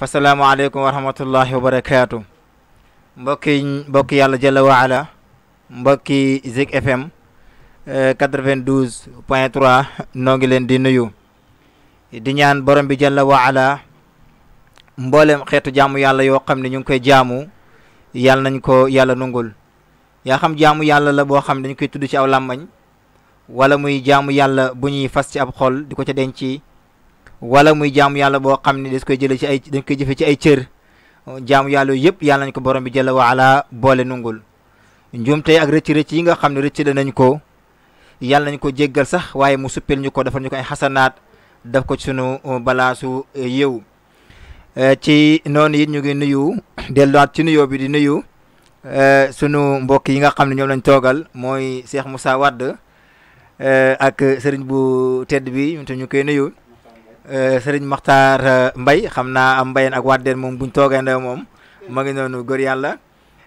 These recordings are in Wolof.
fasalaamualeykum wa rahmatullahi wa barakaatu mbokki mbokki yàlla jalla wa ala mbokki Zik FM 92 eh, point noo ngi leen di nuyu di ñaan borom bi jalla wa ala mboolem xeetu jaamu yàlla yoo xam ne ñu ngi koy jaamu yàlla nañ ko yàlla nungul yaa xam jaamu yàlla la boo xam ne dañ koy tudd ci aw làmmañ wala muy jaamu yàlla bu ñuy fas ci ab xol di ko ca denc wala muy jaamu yàlla boo xam ne dañ koy jëlee ci ay dañ koy jëfe ci ay cër jaamu yàlla yëpp yàlla nañ ko borom bi jalla waala boole nungul njuumte ak rëcc rëcc yi nga xam ne rëcc nañ ko yàlla nañ ko jéggal sax waaye mu suppel ñu ko defal ñu ko ay xasanaat def ko ci sunu uh, balaasu uh, yëw uh, ci noonu yi ñu ngi nuyu delluwaat ci nuyoo bi di nuyu sunu mbokk yi nga xam ne ñoom lañ toogal mooy Cheikh Moussa Wade ak sëriñ bu tedd bi ñu koy nuyu. Eh, sëriñ Maxtaar eh, Mbay xam naa Mbayeen ak Waddeen moom toogee toogandee moom ma ngi noonu góor yàlla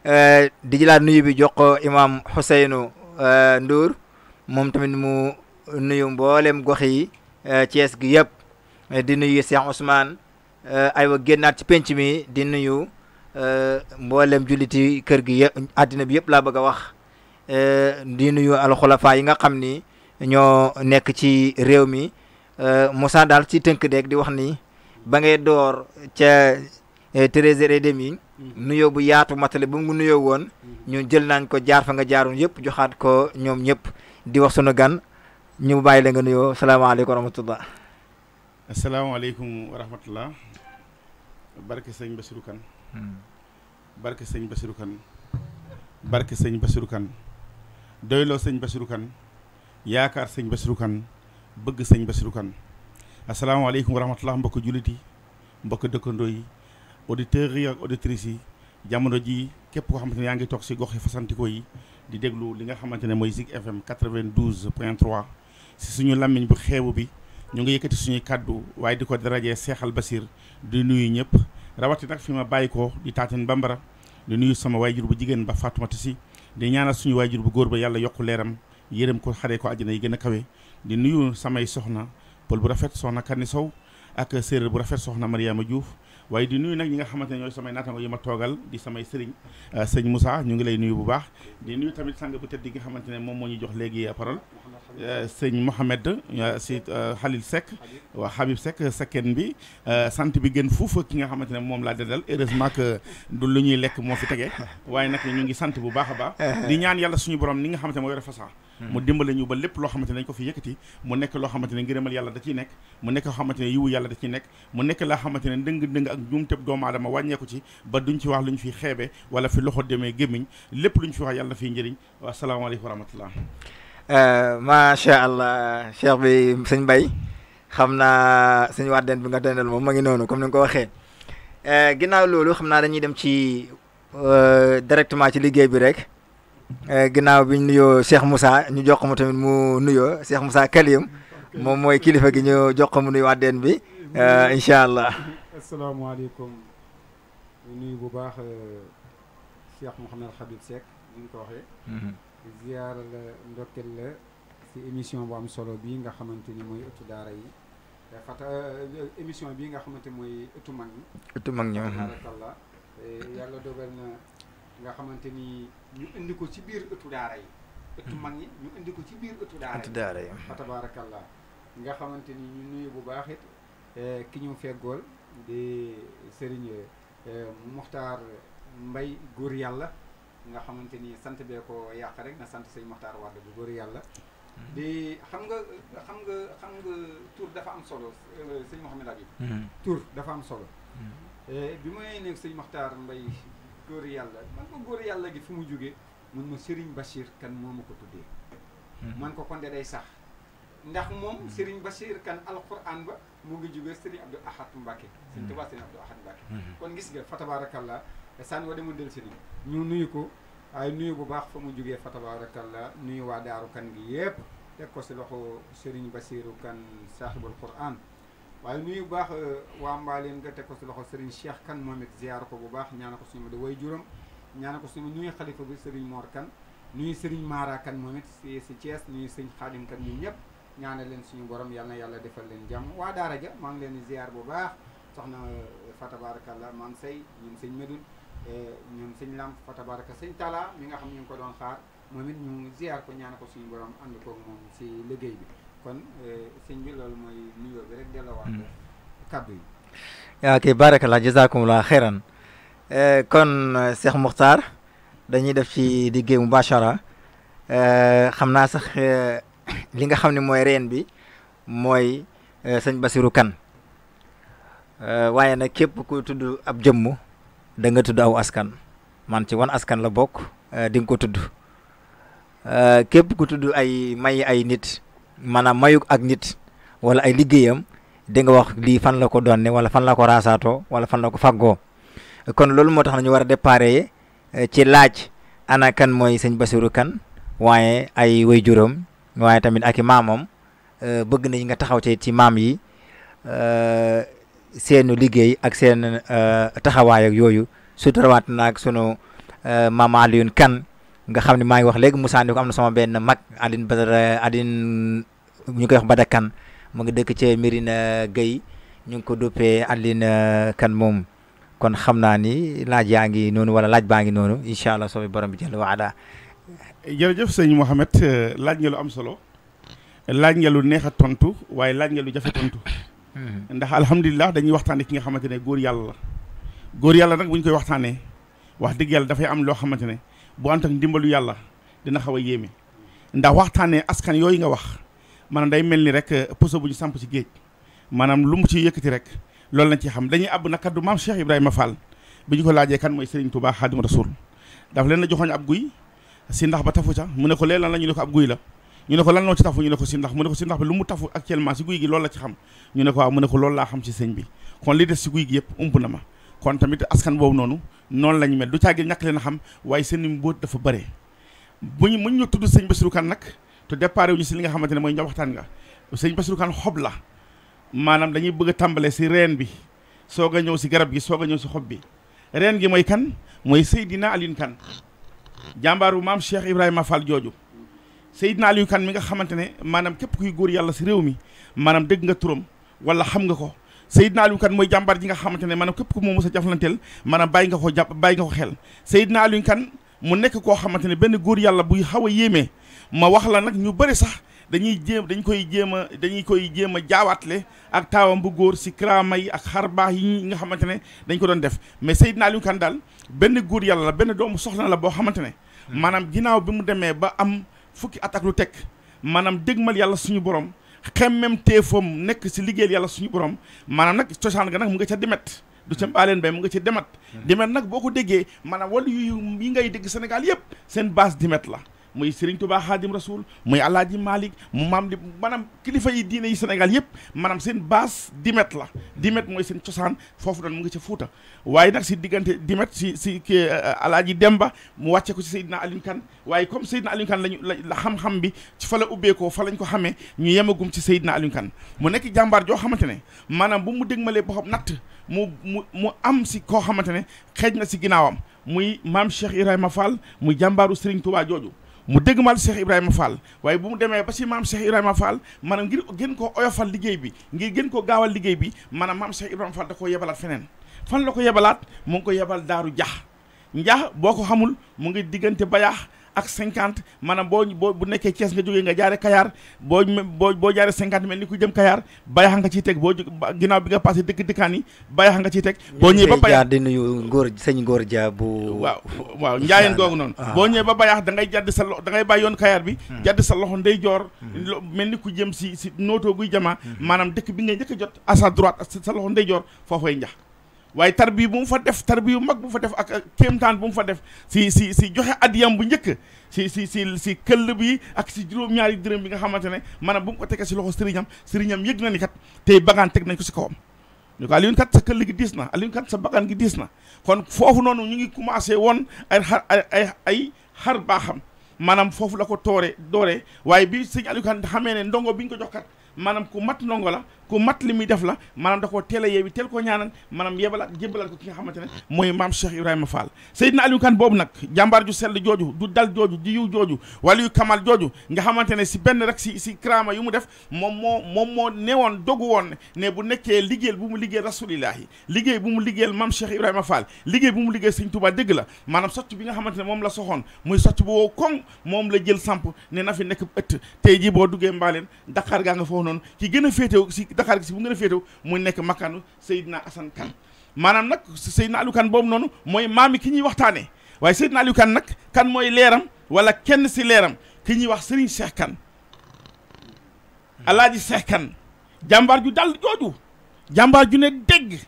eh, di jëlaat nuyu bi jox ko imaam Xuseynu Ndour moom tamit mu nuyu mboolem gox yi Thiès gi yëpp di nuyu Cheikh Ousmane aywa génnaat ci penc mi di nuyu mboolem julliti kër gi yëpp àddina bi yëpp laa bëgg a wax di nuyu alxulafa yi nga xam ni ñoo nekk ci réew mi. Eh, Moussa dal ci teunk deeg di wax ni ba ngay door ci treize heures et demi bu yaatu matale bu mu nuyo won mm-hmm. ñu jël nañ ko jaar fa nga jaarun yépp joxaat ko ñom ñëpp di wax sunu gan ñu bàyyi la nga nuyoo salaamaaleykum wa rahmatullah alaykum wa rahmatullah barke seigne Bassirou kan barke seigne Bassirou kan barke seigne Bassirou kan doylo seigne Bassirou kan yaakar seigne Bassirou kan bëgg sëñ Bassirou Kane asalaamaaleykum wa rahmatulah mbokk jullit mbokk dëkkandoo yi auditeurs yi auditrices yi jamono ji képp koo xamante ne yaa ngi toog si gox yi fasantikoo yi di déglu li nga xamante ne mooy Zik FM 92 point si suñu làmmiñ bu xeebu bi ñu ngi yëkkati suñuy kàddu waaye di ko darajee Seexal Basir di nuyu ñëpp rawati nag fi ma bàyyi ko di taatin bambara di nuyu sama waajur bu jigéen ba Faatumata Si di ñaana suñu waajur bu góor ba yàlla yokk leeram yërëm ko xaree ko àjjana gën a kawe di nuyu samay soxna paul bu rafet soxna Kani Sow ak serigne bu rafet soxna Mariama Diouf waye di nuyu nak ñi nga xamantene ñoy ñooy samay naataango yi di samay serigne euh, serigne Moussa ñu ngi lay nuyu bu baax di nuyu tamit sang bu tedd gi xamantene mom ne jox parole sëñ Mouhamed si Khalil Seck waa Habib Seck sekken bi sant bi gën fuufa ki nga xamante ne moom laa dedal heureusement que du lu ñuy lekk moo fi tege waaye nag ñu ngi sant bu baax a baax di ñaan yàlla suñu borom ni nga xamante ne moo yore fasaa mu dimbale ñu ba lépp loo xamante ne dañ ko fi yëkkati mu nekk loo xamante ne ngërëmal yàlla da ciy nekk mu nekk loo xamante ne yiwu yàlla da ciy nekk mu nekk laa xamante ne ndëng-ndëng ak juumteb doomu aadama wàññeeku ci ba duñ ci wax lu fi xeebe wala fi loxo demee gémmiñ lépp lu fi wax yàlla fiy njëriñ wasalaamaaleykum wa rahmatullah Euh, macha allah cheikh bi sëñ Mbaye xam naa sëñ Wadeen bi nga dendal moom ma ngi noonu comme ni nga ko waxee euh, ginnaaw loolu xam naa dañuy dem ci euh, directement ci liggéey bi rek ginnaaw bi ñu nuyoo Cheikh Moussa ñu jox ko mu tamit mu nuyoo Cheikh Moussa Kalioum moom mooy kilifa gi ñu jox ko mu nuyu Wadeen bi incha allah. asalaamaaleykum ñu ziyaar la ndokkeel la ci émission bu am solo bii nga xamante ni mooy ëttu daara yi fata euh, émission bii nga xamante mooy ëttu mag ñi ëttu mag mhm. eh, yàlla dogal na nga xamante ni ñu indi ko ci biir ëttu daara yi ëttu mag ñi ñu indi ko ci biir ëttu daara yi ëttu mhm. nga xamante ni ñu nuyu bu baax eh, ki ñu feggool di Serigne eh, Muxtaar Mbay góor yàlla nga xamante ni sant bee ko yàq rek na sant sëñ Maxtaar Wade bu góor yàlla. bi mhm. xam nga xam nga xam nga tur dafa am solo euh, sëñ Mouhamed Habib. Mhm. tur dafa am solo. Mhm. bi may nekk sëñ Maxtaar Mbay góor yàlla man ko góor yàlla gi fu mu jógee man ma sëriñ Bachir kan moo ma ko tuddee. man ko kon de day sax. ndax moom Serigne Bachir kan alquran ba mu ngi jógee Serigne Abdou Ahad Mbacke. Serigne Touba Serigne Abdou Ahad Mbacke. kon gis nga fa tabarakallah esan wa demul del si ñu nuyu ko ay nuyu bu baax fa mu jógee fa tabarakallah nuyu wa daru kan gi yépp teg ko ci loxo sëriñ basiru kan sahibul quran waaye nuyu bu baax eh, wa mbaaleen nga teg ko ci loxo sëriñ cheikh kan momit ziar ko bu baax ñaan ko suñu ma di way juram ñaan ko suñu nuyu khalifa bi sëriñ mor kan nuyu sëriñ mara kan momit ci ci ties nuyu sëriñ khadim kan ñun ñep ñaanal leen suñu borom yalla yalla defal leen wa daara ja ma ngi leen ziar bu baax soxna eh, fa tabarakallah man sey ñun medun Eh, ñun sëñ lamp fa tabaraka sëñ nga xam ñu ngi ko doon xaar moom it ñu ziar ko ko si liggéey bi kon eh, sëñ bi loolu mooy nuyoo mm. kàddu yi waaw ah, kay barakallah eh, kon Cheikh Muxtaar dañuy def ci liggéey mubashara xam naa sax li nga xam ne mooy reen bi mooy sëñ Basiru Kan waaye nag képp ku tudd ab jëmm da nga tudd aw askan man ci wan askan la bokk eh, di nga ko tudd eh, képp ku tudd ay may ay nit maanaam mayuk ak nit wala ay liggéeyam di nga wax lii fan la ko donne wala fan la ko raasaatoo wala fan la ko faggo kon loolu moo tax nañu war a déparé eh, ci laaj ana kan mooy sëñ Basiru kan waaye ay waajuram waaye tamit ak i maamam bëgg nañ nga taxaw ci ci maam yi seenu liggéey ak seen euh, taxawaay ak yooyu surtout rawaat naag sunu euh, maam Alioune kan nga xam ne maa ngi wax léegi Moussa ko am na sama benn mag Aline Badara Aline ñu koy wax Bada kan mu ngi dëkk ci Mérina Gueye ñu ngi ko duppee Aline euh, Kane moom kon xam naa ni laaj yaa ngi noonu wala laaj baa ngi noonu incha allah soobee borom bi jël waala. jërëjëf sëñ Mouhamed laaj nga lu am solo laaj nga lu neex tontu waaye laaj nga lu jafe tontu. Mm-hmm. ndax alhamdulilah dañuy waxtaane ki nga xamante ne góor yàlla la góor yàlla nag bu ñu koy waxtaanee wax dëgg yàlla dafay am loo xamante ne boo ànd ak ndimbalu yàlla dina xaw a yéeme ndax waxtaanee askan yooyu nga wax maanaam day mel ni rek uh, poso bu ñu samp ci géej maanaam lu mu ci yëkkati rek loolu lañ ci xam dañuy àbb nag kaddu maam Cheikh Ibrahima Fall bi ñu ko laajee kan mooy Serigne Touba Xaadimu Rasuul daf leen na joxoñ ab guy si ndax ba tafu ca mu ne ko lee lan la ñu ne ko guy la ñu ne ko lan noo ci tafu ñu ne ko si ndax mu ne ko si ndax bi lu mu tafu actuellement si guy gi loolu la ci xam ñu ne ko waaw mu ne ko loolu laa xam si sëñ bi kon li des si guy gi yëpp ump na ma kon tamit askan boobu noonu noonu lañu mel du caagi ñàkk leen a xam waaye seen mbóot dafa bare ñu muñ ñu tudd sëñ Bassirou kan nag te déparé ñu si li nga xamante ne mooy njaw waxtaan nga sëñ Bassirou kan xob la maanaam dañuy bëgg a tàmbale si reen bi soog a ñëw si garab gi soog a ñëw si xob bi reen gi mooy kan mooy Seydina Alioune Kane jàmbaaru maam Cheikh Ibrahima Fall jooju Seydina Aliou Kane mi nga xamante ne maanaam képp kuy góor yàlla si réew mi maanaam dégg nga turam wala xam nga ko Seydina Aliou Kane mooy jàmbar ji nga xamante ne maanaam képp ku moo mos a jaflanteel maanaam nga ko nga ko xel Seydina Aliou Kane mu nekk koo xamante ne benn góor yàlla buy xaw a yéemee ma wax la nag ñu bëri sax dañuy jéem dañ koy jéem a dañuy koy jéem a jaawaatle ak taawam bu góor si karaama yi ak xar baax yi nga xamante ne dañ ko doon def mais Seydina Aliou Kane daal benn góor yàlla benn doomu soxna la boo xamante ne ginnaaw bi mu demee ba am fukki at lu teg maanaam dégmal yàlla suñu borom xemmem téefam nekk si liggéeyal yàlla suñu borom maanaam nag cosaan ga nag mu nga ca demet du ca mbaaleen bay mu nga ca demet hmm. demet nag boo ko déggee maanaam wala yu yi ngay dégg Sénégal yëpp seen base demet la muy Serigne Touba Khadim Rasoul muy El Hadj Malick mu maam di maanaam kilifa yi diine yi Sénégal yëpp maanaam seen baas dimet la dimet mooy seen cosaan foofu doon mu ngi ca Fuuta waaye nag si diggante dimet si si kii El eh, Hadj Demba mu wàcce ko si Seydina Alioune waaye comme Seydina Alioune Kane lañu la xam-xam bi ci fa ubbeekoo fa lañ ko xame ñu yemagum ci Seydina Alioune mu nekk jàmbaar joo xamante ne maanaam bu mu dégmalee boppam natt mu mu mu am si koo xamante ne xeej na si ginnaawam muy maam Cheikh Ibrahima Fall muy jàmbaaru Serigne Touba jooju mu dëggmal Cheikh Ibrahima Fall waaye bu mu demee ba si maam Cheikh Ibrahima Fall maanaam ngir gën koo oyofal liggéey bi ngir gën koo gaawal liggéey bi maanaam maam Cheikh Ibrahima Fall da koo yebalaat feneen fan la ko yebalaat mu ngi ko yebal daaru jax njax boo ko xamul mu ngi diggante bayaax ak cinquante maanaam boo boo bu nekkee Thiès nga jógee nga jaare Kayar boo boo boo jaare cinquante mel ni ku jëm Kayar bayax nga ciy teg boo ginnaaw bi nga passé dëkk dëkkaan yi bayax nga ciy teg boo ñëwee ba bayax di nuyu ngóor sëñ ah. boo ñëwee ba bayax da ngay jàdd sa loxo da ngay bàyyi yoon Kayar bi jàdd loxo ndey joor hmm. mel ni ku jëm si nootoo guy jamaa hmm. maanaam dëkk bi ngay njëkk jot à sa droite sa loxo ndeyjoor joor foofay njax waaye tarbiya bu mu fa def tarbiya bu mag bu fa def ak kéemtaan bu mu fa def si si si joxe adiyam bu njëkk si si si si këll bi ak si juróom-ñaari dërëm bi nga xamante ne maanaam bu mu ko tegee si loxo sëriñam sëriñam yëg na ni kat tey bagaan teg nañ ko si kawam ñu ko Alioune kat sa këll gi diis na Alioune kat sa bagaan gi diis na kon foofu noonu ñu ngi commencé woon ay xar ay ay xar baaxam maanaam foofu la ko toore dooree waaye bi sëñ Alioune kat xamee ne ndongo bi ñu ko jox kat maanaam ku mat ndongo la ku mat li muy def la maanaam da koo teel a yeewi teel koo ñaanal maanaam yebalaat jébbalaat ko ki nga xamante ne ne si benn rek si si karaama yu mu def moom moo moom moo newoon dogu woon ne bu nekkee liggéeyal bu mu liggéeyal rasulillahi liggéey bu mu liggéeyal maam Cheikh Ibrahima Fall liggéey bu mu liggéeyal Sëñ Tuubaa dëgg la maanaam bi nga xamante ne moom la soxoon muy socc bu wow koŋ moom la jël samp ne na fi nekk ëtt tey ji boo duggee mbaaleen Dakar gaa nga foofu noonu ki gën a féetew si Dakar gi si bu ngeen a féetewoo muy nekk makkaanu Seydina Assane Kane maanaam nag Seydina Aliou Kane boobu noonu mooy maam ki ñuy waxtaanee waaye Seydina Aliou Kane nag kan mooy leeram walla kenn si leeram ki ñuy wax Serigne Cheikh Kane Alaaji Cheikh Kane jàmbaar ju dal jooju jàmbaar ju ne dégg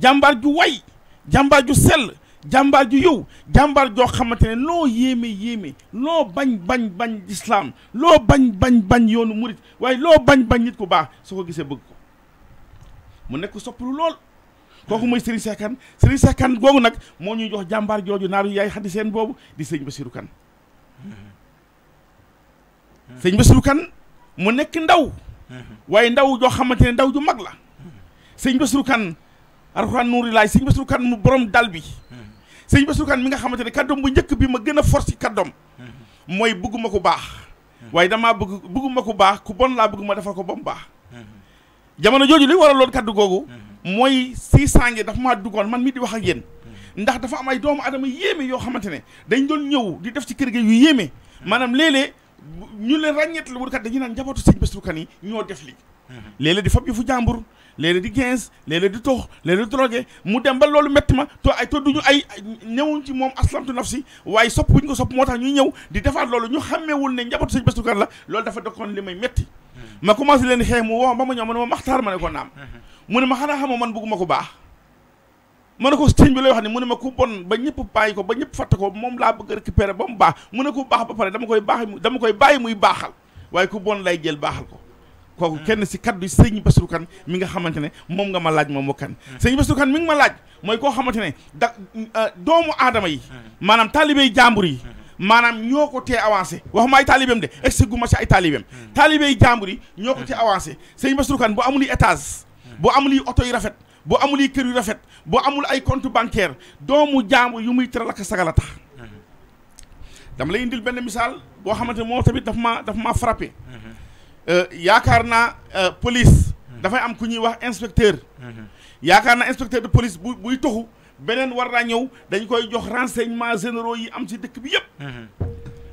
jàmbaar ju way jàmbaar ju sell Jambal ju yow jàmbaar jo xamantene Yemi yeme yeme banj banj bañ bañ bañ banj banj bañ bañ bañ yoonu murit waaye loo bañ bañ nit ku baax su ko gisee bëgg ko mu nekk soppalu lool kooku moy Serigne Cheikh Kane Serigne Cheikh Kane googu nag moo ñuy jox jàmbaar joju naru yaay xaddi sen bobu di serigne basirou kan serigne basirou kan mu nekk ndaw way ndaw jo xamantene ndaw ju mag la serigne basirou kan mu borom dal sëñ Bassirou Kane mi nga xamante ne kàddoom bu njëkk bi ma gën a force kàddoom mm-hmm. mooy bëgguma ko baax mm-hmm. waaye damaa bëgg bëgguma ko baax ku bon laa bëgg ma ko ba mu baax mm-hmm. jamono jooju li waral loon kàddu googu mooy si sànge dafa maa duggoon man mi di wax ak yéen ndax dafa am ay doomu adama yéeme yoo xamante ne dañ doon ñëw di def ci kër gi yu yéeme maanaam léeg-léeg ñu leen ràññeet la wut kat dañu naan njabootu sëñ Bassirou Kane yi ñoo def li léeg di fab yëfu jàmbur léeg di gens léeg di tox léeg-léeg di drogué mu dem ba loolu métti ma to ay to duñu ay ñëwuñ ci moom aslamtu nafsi waaye sopp buñ ko sopp moo tax ñuy ñëw di defaat loolu ñu xàmmeewul ne njabootu sëñ Bassirou Kane la loolu dafa dokkoon li may métti hmm. ma commencé leen xeex mu woo ba ma ñëw ma ne ma maxtaar ma ne ko naam hmm. mu ne ma xanaa xamoo man bëgguma ko baax ma ne ko sëñ bi lay wax ne mu ne ma ku bon ba ñëpp yi ko ba ñëpp fàtte ko moom laa bëgg récupérer ba mu baax mu ne ku ba pare dama koy baax dama koy bàyyi muy waaye ku bon lay jël baaxal ko kooku kenn si kaddu sëñ Bassirou Kane mi nga xamante ne moom nga ma laaj moom moo kan hmm. sëñ Bassirou Kane mi nga ma laaj mooy koo xamante ne da euh, doomu aadama yi hmm. maanaam taalibey jàmbur yi hmm. maanaam ñoo ko tee avancé waxuma ay taalibeem de egsi gu ma ci ay taalibeem taalibey jàmbur yi ñoo ko tee avancé sëñ Bassirou Kane boo amul étage boo amul yi oto yu rafet boo amul yi kër yu rafet boo amul ay compte bancaire doomu jàmbur yu muy tëral ak sagala tax dama lay indil boo xamante ne moom tamit daf maa daf maa frappé Euh, yaakaar naa euh, police. Hmm. dafay am ku ñuy wax inspecteur. Hmm. yaakaar naa inspecteur de police bu buy toxu beneen war naa ñëw dañ koy jox renseignement généraux yi am si dëkk bi yëpp. Hmm.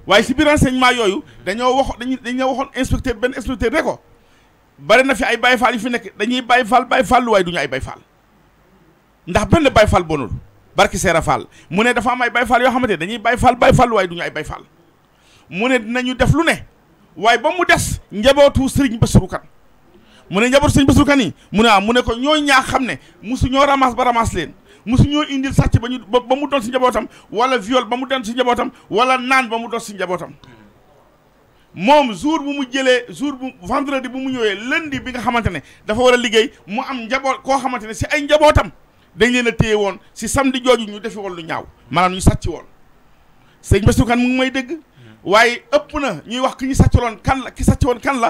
waaye si biir renseignement yooyu dañoo wax dañuy dañoo waxoon inspecteur benn inspecteur ne ko bari na fi ay Baye Fall yu fi nekk dañuy Baye Fall Baye Fall lu waaye du ay Baye Fall ndax benn Baye Fall bonul barki Seera Fall mu ne dafa am ay Baye Fall yoo xamante ne dañuy Baye Fall Baye Fall lu ñu ay Baye Fall mu ne dinañu def lu ne. waaye ba mu des njabootu Serigne ba Kane mu ne njabootu Serigne ba Kane yi mu ne am ah, mu ne ko ñooy ñaa xam ne musu ñoo ramas ba ramas leen musu ñoo indil sàcc ba ñu ba mu doon si njabootam wala viol ba mu doon si njabootam wala naan ba mu doon si njabootam moom jour bu mu jëlee jour bu vendredi bu mu ñëwee lundi bi nga xamante ne dafa war a liggéey mu am njaboot koo xamante ne si ay njabootam dañ leen a téye woon si samedi jooju ñu defi woon lu ñaaw maanaam ñu sàcc woon Serigne Bassirou Kane mu may dégg waaye ëpp na ñuy wax kii ñu sàccaloon kan la ki sàccoon kan la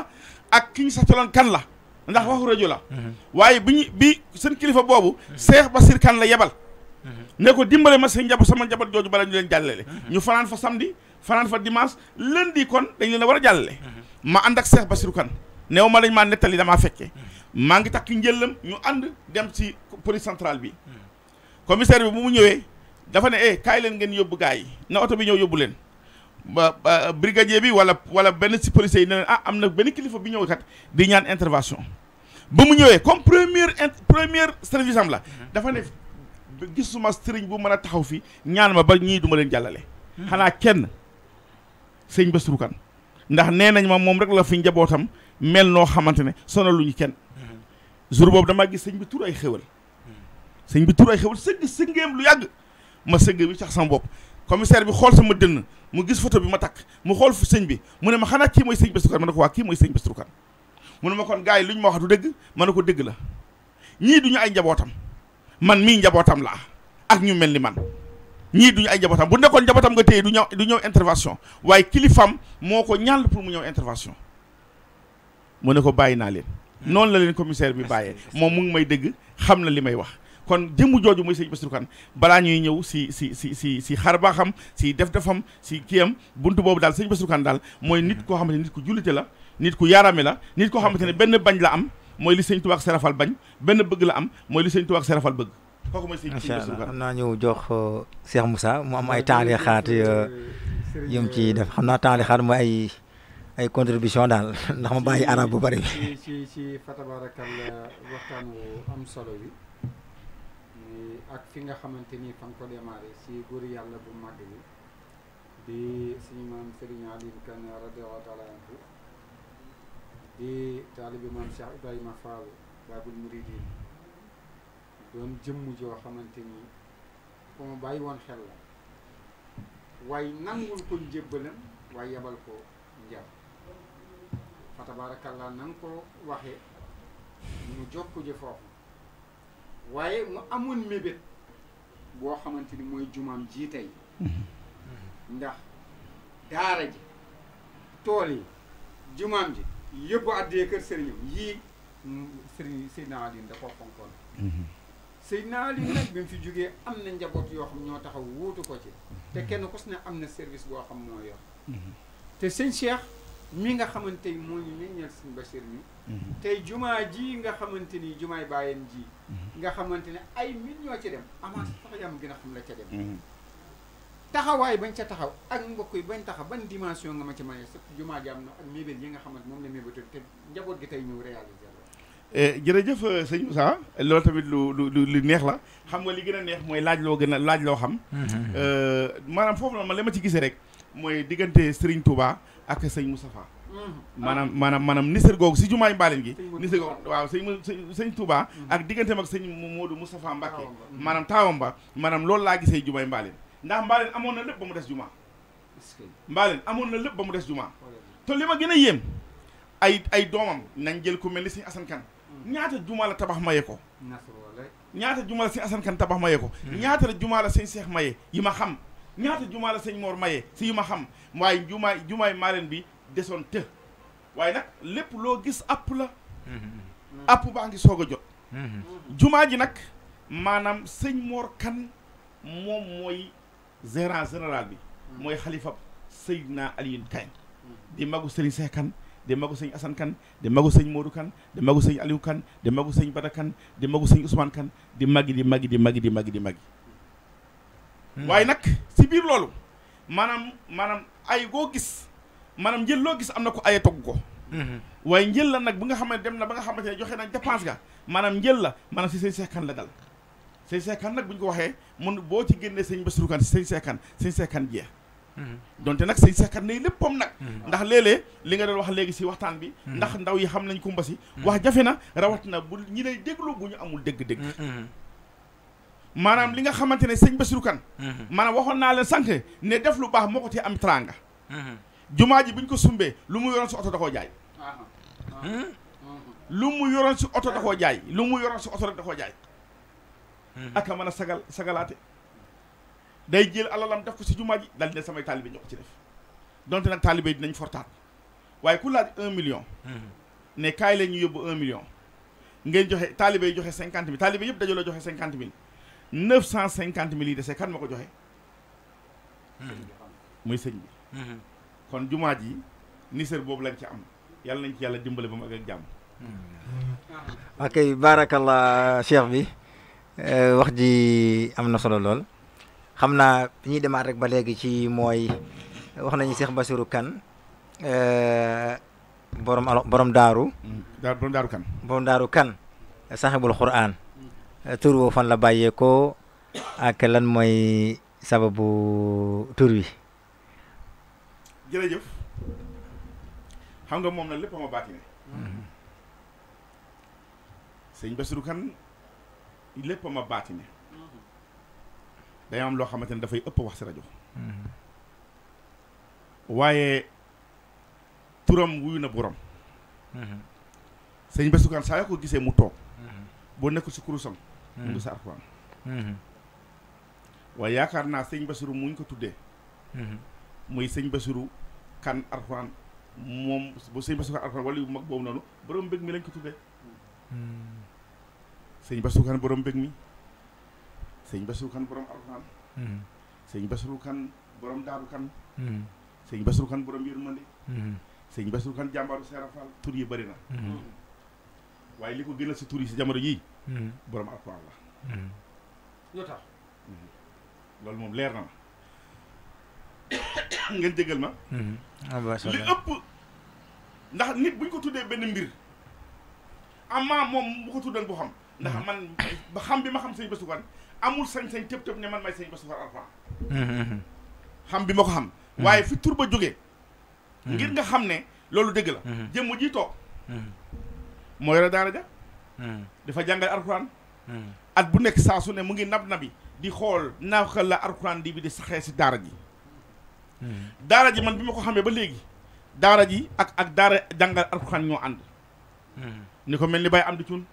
ak ki ñu sàccaloon kan la ndax waxu rajo la mm-hmm. waaye bi ñu bi seen kilifa boobu mm-hmm. Seex Basir kan la yebal mm-hmm. ne ko dimbale ma seen njaboot sama njaboot jooju bala ñu leen jàllale ñu fanaan fa samedi fanaan fa dimanche lundi kon dañ leen a war a jàllale ma ànd ak Seex Basiru kan neew ma lañ maa nettali damaa fekke maa ngi takk njëllam ñu ànd dem si police centrale bi commissaire bi mu ñëwee dafa ne eh kaay leen ngeen yóbbu gars yi na oto bi ñëw yóbbu leen brigadier bi wala wala benn si policier yi ne ah, am na benn kilifa bi ñëw kat di ñaan intervention ba mu ñëwee comme première in première service am la mhm. dafa ne gisuma sëriñ bu mën a taxaw fi ñaan ma ba ñii duma ma jàllale mhm. xanaa kenn sëñ ba Kane ndax nee nañ ma moom rek la fi njabootam mel noo xamante ne sonaluñu kenn mhm. jour boobu damaa gis sëñ bi tur ay xéwal sëñ bi tur ay xéwal sëgg sëngeem lu yàgg ma sëgg bi sax sama bopp commissaire bi xool sama dënn mu gis photo bi ma takk mu xool sëñ bi mu ne ma xanaa kii mooy sëñ Bassirou Kane ma ne ko mooy sëñ Bassirou Kane mu ne ma kon gars yi lu ñu ma wax du dégg ma ne ko dégg la ñii duñu ay njabootam man mii njabootam laa ak ñu mel ni man ñii duñu ay njabootam bu nekkoon njabootam nga téye du ñëw du ñëw intervention waaye kilifam moo ko ñaan pour mu ñëw intervention mu ne ko bàyyi naa leen hmm. noonu la leen commissaire bi bàyyee moom mu ngi may dégg xam na li may wax kon jëmm jooju mooy sëñ Bassirou balaa ñuy ñëw si si si si si xar baaxam si def defam si kiyam buntu boobu daal sëñ Bassirou daal mooy nit koo xam ne nit ku jullite la nit ku yaarame la nit koo xamante ne benn bañ la am mooy li sëñ Tuubaa ak bañ benn bëgg la am mooy li sëñ Tuubaa ak bëgg kooku mooy sëñ Bassirou Kane xam naa ñëw jox Cheikh Moussa mu am ay temps xaat yum ci def xam naa temps xaat mooy ay ay contribution daal ndax ma bàyyi arab bu bari bi ci ci fatabarakal waxtaan solo bi ak fi nga xamante ni fa ko démarré si góor yàlla bu màgg bi di suñu maam Serigne Alioune Kane radiyallahu taala anhu di taalibi maam Cheikh Ibrahima Fall Babul Muridiin doon jëmm joo xamante ni ku ma bàyyi woon xel la waaye nangul ko njébbalam waaye yabal ko njar fa tabaarakallaa na nga ko waxee ñu jokk ji foofu waaye mu amoon mébét boo xamante ni mooy jumaam jii tey ndax daara ji tool yi jumaam ji yëpp addee kër sëriñam yii sëriñ Seydina Alioune da koo fonkoon Seydina Alioune nag bi mu fi jógee am na njaboot yoo xam ñoo taxaw wuutu ko ci te kenn ku si ne am na service boo xam moo yor te sëñ Cheikh mii nga xamante ni moo ñu meññal sëñ Bachir mi mhm. tey jumaa ji nga xamante ni jumaay bàyyam ji nga xamante ne ay min ñoo ci dem amaat sax yam gën a xam la ca dem mhm. taxawaay bañ ca taxaw ak mbokk yi bañ taxaw ban dimension nga ma ci maye sa jumaa jaam na ak mébét yi nga xamante moom la mébétoon te njaboot gi tey ñëw réaliser la eh, jërëjëf euh, sëñ Moussa loolu tamit lu lu lu neex la xam nga li gën a neex mooy laaj loo gën a laaj loo xam mhm. euh, maanaam foofu la ma li ma ci gisee rek mooy diggante Serigne Touba ak sëñ Moustapha Mm-hmm. maanaam maanaam maanaam nisër googu si jumaa jumaay mbaalin gi nisër googu waaw sëñ sëñ Touba mm-hmm. ak digganteem ak sëñ Modou Moustapha Mbacke mm-hmm. maanaam taawam ba maanaam loolu laa gisee jumaay mbaalin ndax mbaalin amoon na lépp ba mu des jumaa mbaalin amoon na lépp ba mu des juma te li ma gën a yéem ay ay doomam nañ jël ku mel ni sëñ Assane Kane ñaata juma la tabax maye ko ñaata juma la sëñ Assane tabax maye ko ñaata juma la sëñ Cheikh maye yi ma xam ñaata juma la sëñ Mor maye si yi ma xam waaye jumaa jumaay mbaalin bi desoon të waaye nag lépp loo gis app la mm-hmm. app baa ngi soog a jot mm-hmm. jumaa ji nag maanaam sëñ Mor Kan moom mooy gérant général bi mm. mooy xalifab Seydina naa mm. Kane di magu sëriñ Seex Kan di magu sëñ Assane Kan di magu sëñ Modou Kan di magu sëñ Aliou Kan di magu sëñ Bada Kan di magu sëñ Ousmane Kan di magi di magi di magi di magi di magi mm. waaye nag si biir loolu maanaam maanaam ay goo gis maanaam njël loo gis am na ko aye togg ko mhm. waaye njël la nag bu nga xam dem na ba nga xamante ne joxe nañ dépense ga maanaam njël la maanaam si sëñ seekan la dal sëñ nag bu ñu ko waxee mun boo ci génnee sëñ Bassirou Kane si sëñ seekan sëñ seekan jeex mhm. donte nag sëñ seekan nay léppam nag mhm. ndax léeg li nga doon wax léegi si waxtaan bi ndax ndaw yi xam nañ kumba si wax jafe na rawat na bu ñi lay amul dégg-dégg li nga xamante ne sëñ Bassirou Kane maanaam waxoon naa leen sànq ne def lu baax moo ko tee am tranga jumaa ji buñ ko sumbee lu mu yoroon si oto da jaay. Uh-huh. lu mu yoroon si oto da uh-huh. jaay lu mu yoroon si oto rek jaay. Uh-huh. aka mën a sagal sagalaate day jël alalam def ko si jumaa ji dal ne samay taalibe ñoo ko ci def donte nag taalibe dinañ fortaat waaye ku laaj un million ne kaay leen ñu yóbbu un million ngeen joxe taalibe joxe cinquante mille taalibe yëpp dajaloo joxe cinquante mil neuf cent cinquante mille yi desee kan ma ko joxe muy sëñ bi kon juma ji niseer bobu lañ ci am yalla nañ ci yalla dimbalé bam mu ak jàmm. akay hmm. barakallah cheikh bi eh, wax ji amna solo lol xamna ñi ñuy rek ba légui ci moy wax nañ Cheikh Bassirou Kane eh, borom borom daru hmm. borom daru kan borom daru kan sahibul Qur'an eh, tur wo fan la ko ak lan moy sababu tur wi. jërëjëf xam nga moom nag lépp ma baatine sëñ Bassirou Kane lépp ma baatine day am loo xamante ne dafay ëpp wax si rajo waaye turam wuyu na borom sëñ Bassirou Kane saa yoo ko gisee mu toog boo nekkul si kurusam mu ngi sa Alxuraan hmm. Hmm. waaye yaakaar naa sëñ Bassirou mu ñu ko tuddee muy seigne bassirou kan arfan mom bu seigne bassirou arfan wali wala bu mag boobu noonu borom beug mi lañ ko tuddee. Hmm. seigne bassirou hmm. kan borom beug mi seigne bassirou kan borom Arxuraan. seigne bassirou kan borom daru kan. seigne bassirou kan borom Yërmande. Hmm. seigne bassirou kan jambaru serafal tour yi bari na. waaye li ko gënal si tur yi si jamono jii. borom arfan la. lu tax. loolu moom leer na ngeen jéggal ma mhm. ah, li ëpp ndax nit buñ ko tuddee benn mbir amma moom bu ko baham, bu xam ndax mhm. man ba xam bi ma xam sëñ Bassirou amul sañ-sañ tëb tëb ne man may sëñ Bassirou Kane xam bi ma ko xam mhm. waaye fi tur ba jógee ngir nga xam ne loolu dëgg la jëmm ji toog moo yore daara ja dafa jàngal alxuraan at bu nekk saa su ne mu ngi nab nabi di xool naaxal la alxuraan di bi di saxee si daara ji Mm. daara ji man bi ma ko xamee ba léegi daara ji ak ak daara jàngal alxuraan ñoo ànd mm. ni ko mel ni bay am di cun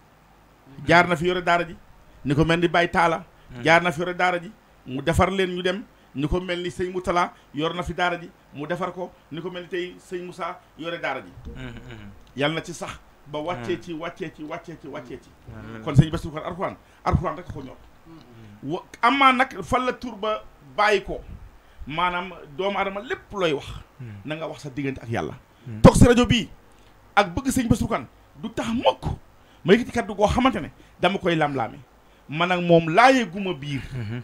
jaar na fi yore daara ji ni ko mel ni bàyyi taala mm. jaar na fi yore daara ji mu defar leen ñu dem ni ko mel ni sëñ Moutala yor na fi daara ji mu defar ko ni ko mel ni tey sëñ Moussa yore daara ji mm-hmm. yàlla na ci sax ba wàccee ci wàccee ci wàccee ci wàccee ci kon sëñ Bassirou kon alxuraan alxuraan rek ko ñor mm-hmm. wa amaa nag fan la tur ba bàyyi ko manam doom adama lepp loy wax hmm. na nga wax sa diggante ak yalla hmm. tok si radio bi ak bëgg sëñ Bassirou Kane du tax mokk ma yëkkati kaddu goo xamantene dama koy lam lamé man ak laye guma biir hmm.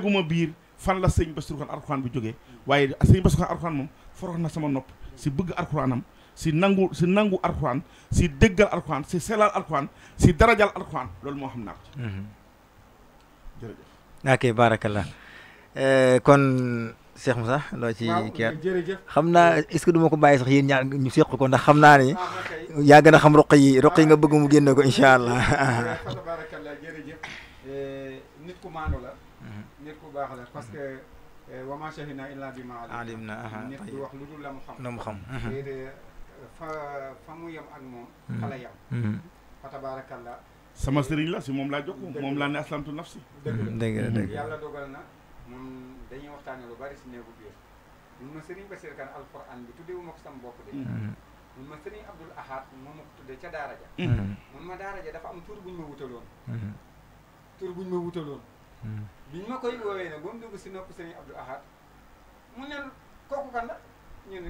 guma biir fan la sëñ Bassirou Kane alquran bu joggé waye sëñ Bassirou Kane alquran mom forox na sama nopp si bëgg alquranam si nangu si nangu alquran si déggal alquran si selal alquran si darajal alquran lool mo xam na ko jërëjëf barakallah Eh, kon Cheikh Moussa loo ci kii xam naa est-ce ma ko bàyyi sax yéen ñaar ko ndax xam naa ne ah, yaa gën xam roq yi roq nga bëgg mu génne ko incha allah. Eh, tabarakallah jërëjëf eh, la. Mm-hmm. baax la parce que. wa ma shahidna illa bi xam. Mhm. ak moom. Mm-hmm. fa la mm-hmm. sama sëriñ si moom laa jokk moom laa ne aslamtu nafsi. dëgg mun dañuy waxtaane lu bari si néegu biir mun ma sëriñ Basiir Kan alquran bi tuddee wu ma ko sama bopp de mm-hmm. mun ma sëriñ Abdul Ahad moo ma ko tuddee ca daara ja mm-hmm. mun ma daara ja dafa am tur buñ ma wutaloon mm-hmm. tur buñ ma wutaloon biñ ma koy woowee nag ba mu dugg si nopp sëriñ Abdul Ahad mu ne kooku kan la ñu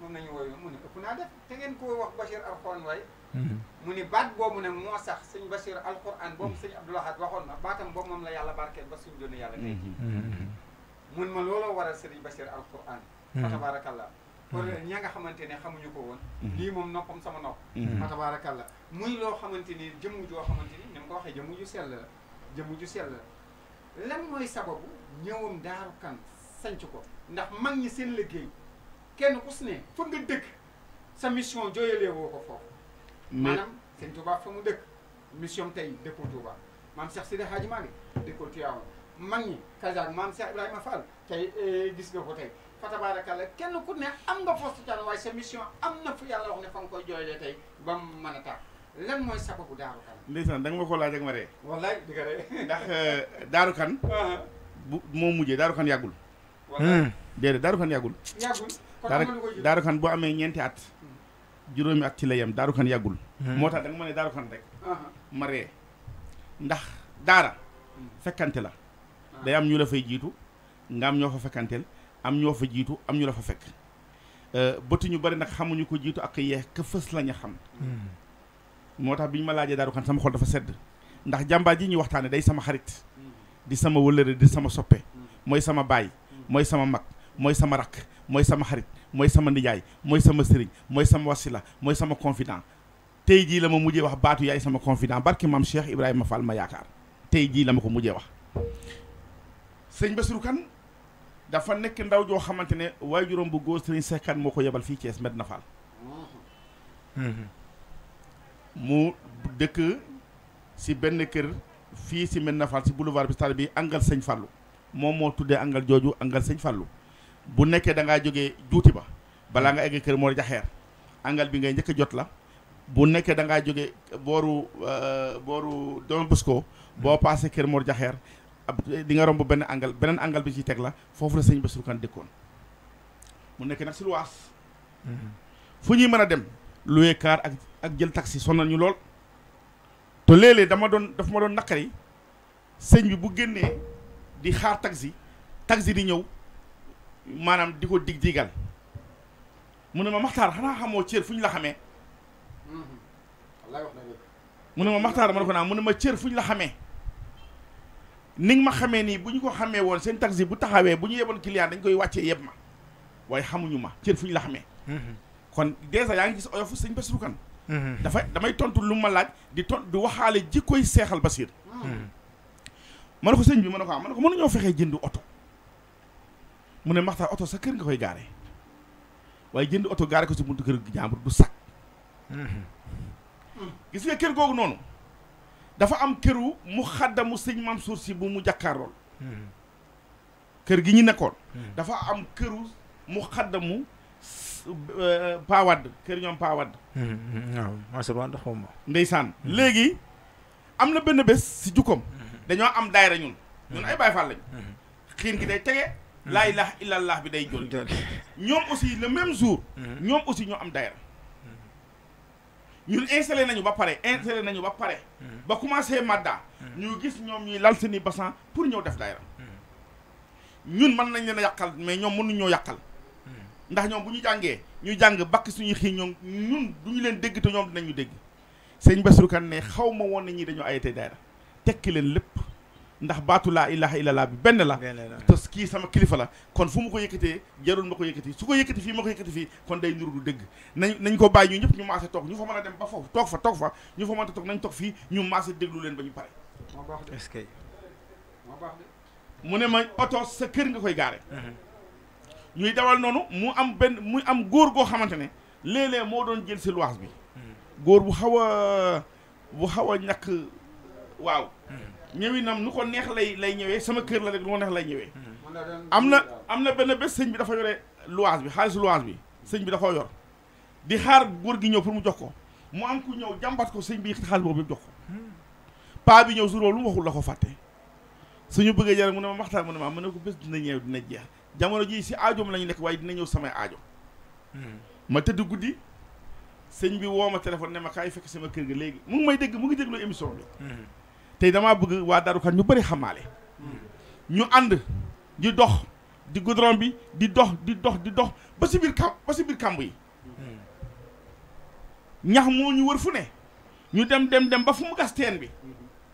moom nañu wooyoo mu ne ëpp naa def te ngeen ko wax Bachir alxuraan waaye mhm. mu ni baat boobu nag moo sax sëñ Bachir alxuraan boobu sëñ Abdou Lahad waxoon na baatam boobu moom la yàlla barkeel ba suñ doon yàlla tey jii mhm. mhm. mun ma looloo waral sëriñ Bachir alxuraan fa tabarakallah pour ña nga xamante ne xamuñu ko woon lii moom noppam sama nopp fa tabarakallah muy loo xamante ni jëmm joo xamante ni ni mu ko waxee jëmm ju sell la jëmm ju sell la lan mooy sababu ñëwam daaru kan sanc ko ndax mag ñi seen liggéey kenn ku si ne fa nga dëkk sa mission jooyalee woo ko foofu. maanaam sëñ Touba fa mu dëkk mission tey dëkkoo Touba maam Cheikh Sidi Hadji Malick dëkkoo Tiwaawan mag ñi kazak maam Cheikh Ibrahima Fall tey eh, gis nga ko tey fa tabaarakalla kenn ku ne am nga poste tan waaye sa mission am na fu yàlla wax ne fa nga koy jooyalee tey ba mu mën a tax lan mooy sababu Daaru Kan. ndeysaan da nga ma ko laaj ak ma ree. wallaay di nga ree. ndax eh, Daaru Kan. Uh-huh. bu moo mujjee Daaru Dara kan boo amee ñeenti at juróomi at ci la yem kan yàggul hmm. moo tax da nga ma ne kan rek ma ree ndax daara fekkante la ah. day am ñu la fay nga am ñoo fa am ñoo fa am ñu la fa fekk euh, bëtu ñu bari nag xamuñu ko ak yeex xam hmm. ma kan sama xol dafa sedd ndax jàmbaar ji ñu sama xarit hmm. di sama wulere, di sama soppe mooy sama bayi, mooy sama mak. moy sama rak moy sama xarit moy sama nijaay moy sama serigne moy sama wasila moy sama confident tay ji lama mujjé wax batu yaay sama confident barki mam Cheikh Ibrahima Fall ma yaakaar tay ji lama ko mujjé wax serigne Bassirou Kane dafa nek ndaw jo xamantene ne waajuram bu góor sëriñ Cheikh Kane moo ko yebal fii Thiès Medina Fall mu dëkk ci benn kër fii si Medina Fall si boulevard bi stade bi angal sëñ fallu moom moo tuddee angal jooju angal sëñ Fallou bu nekkee da ngaa jógee juuti ba balaa nga egg kër Mor Jaxeer angal bi ngay njëkk a jot la bu nekkee da ngaa jógee booru euh, booru Don Bosco boo paasee kër Mor Jaxeer di nga romb benn angal beneen angal bi ci teg la foofu la sëñ Bassirou Kane dëkkoon mu nekk nag si luwaas mm-hmm. fu ñuy mën a dem loué car ak ak jël taxi sonal ñu lool te léeg-léeg dama doon daf ma doon naqari sëñ bi bu génnee di xaar taxi taxi di ñëw maanaam di ko dig digal mun na ma maxtaar xanaa xamoo cër fu ñu la xamee mm-hmm. mu ne ma maxtaar ma ne ko naa mun ne ma cër fu ñu la xamee ni ma xamee nii bu ñu ko xamee woon seen taxi bu taxawee bu ñu yeboon client dañ koy wàccee yeb ma waaye xamuñu ma cër fu ñu la xamee mm-hmm. kon dèjà yaa ngi gis oyofu sëñ Bassirou Kane mm-hmm. dafa damay tontu lu ma laaj di ton di waxaale jikkoy seexal Basiir ma ne ko sëñ bi ma ne ko ah ma ne ko fexee jënd oto mu ne maxtaar oto sa kër nga koy gaare waaye jënd oto gaare ko si buntu kër gi jàmbur du sag gis nga kër googu noonu dafa am këru mu xaddamu sëñ Mansour si bu mu jàkkaarlool kër gi ñu nekkoon dafa am këru mu xaddamu euh, paawadd kër ñoom paawadd ndeysaan léegi am na benn bés si jukkoom mm-hmm. dañoo am daayira ñun mm-hmm. ñun ay Baay Faal mm-hmm. xiin gi day tege laa ilaha illallah bi day jolli ñoom aussi le même jour ñoom aussi ñoo am daayra ñun installé nañu ba pare installé nañu ba pare ba commencé madda ñu gis ñoom ñuy lal seeni bassan pour ñëw def daayra ñun mën nañ leen a yàqal mais ñoom mënuñ ñoo yàqal ndax ñoom bu ñu jàngee ñu jàng bakk suñu xii ñoom ñun duñu leen dégg te ñoom dinañu dégg sëñ Bassirou Kane ne xaw woon ne ñii dañoo ayete daayra tekki leen lépp ndax baatu laa ilaha laa bi benn la te kii sama kilifa la kon fu mu ko yëkkatee jarul ma ko yëkkati su ko yëkkati fii ma ko yëkkati fii kon day nuru du dëgg nañ nañ ko bàyyi ñu ñëpp ñu maase toog ñu fa mën a dem ba foofu toog fa toog fa ñu fa mën a toog nañ toog fii ñu maase déglu leen ba ñu pare mu ne ma oto sa kër nga koy gaare uh-huh. ñuy dawal noonu mu am benn mu am góor goo xamante ne léeg-léeg moo doon jël si luwaas bi uh-huh. góor bu xaw a bu xaw a ñëwinam nu ko neex lay lay ñëwee sama kër la rek lu ko neex lay ñëwee. Mhm. am na am na benn bés sëñ bi dafa yore luwaas bi xaalis luwaas bi sëñ bi dafa yor di xaar góor gi ñëw pour mu jox ko mu am ku ñëw jàmbat ko sëñ bi yëkkati xaalis boobu yëpp jox ko mhm. paa bi ñëw su lu mu waxul la ko fàtte suñu bëggee jare mu ne ma waxtaan mu ne ma mu ne ko bés dina ñëw dina jeex jamono jii si aajoom la ñu nekk waaye dina ñëw samay aajo mhm. ma tëdd guddi sëñ bi woo ma téléphone ne ma sama kër ga léegi mu ngi may dégg mu ngi déglu émission bi tey damaa bëgg waa Daaru Xar ñu bëri xamaale ñu ànd di dox di goudron bi di dox di dox di dox ba si biir kam ba si biir kàmb yi ñax moo ñu wër fu ne ñu dem dem dem ba fu mu gas teen bi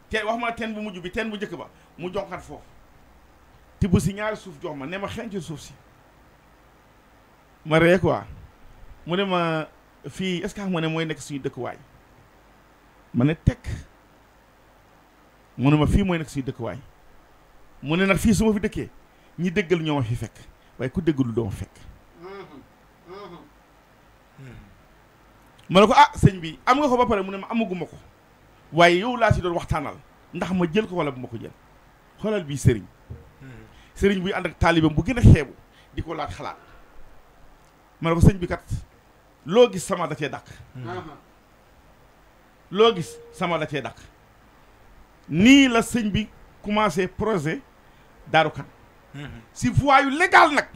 teen wax ma teen bu mujj bi teen bu njëkk ba mu jonkat foofu tibb si ñaari suuf jox ma ne ma xenc suuf si ma ree quoi mu ne ma fii est-ce xam nga ne mooy nekk suñu dëkkuwaay ma ne tekk mu ne ma fii mooy nag suñu dëkkuwaay mu ne nag fii su ma fi dëkkee ñi déggal ñoo ma fi fekk waaye ku déggalu doo ma fekk ma ne ko ah sëñ bi am nga ko ba pare mu ne ma amaguma ko waaye yow laa si doon waxtaanal ndax ma jël ko wala bu ma ko jël xoolal bii sëriñ sëriñ buy ànd ak taalibam bu gën a xeebu di ko laaj xalaat ma ne ko sëñ bi kat loo gis sama da cee dàq loo gis sama da cee dàq nii la sëñ bi commencé projet Daaru si voie yu légal nag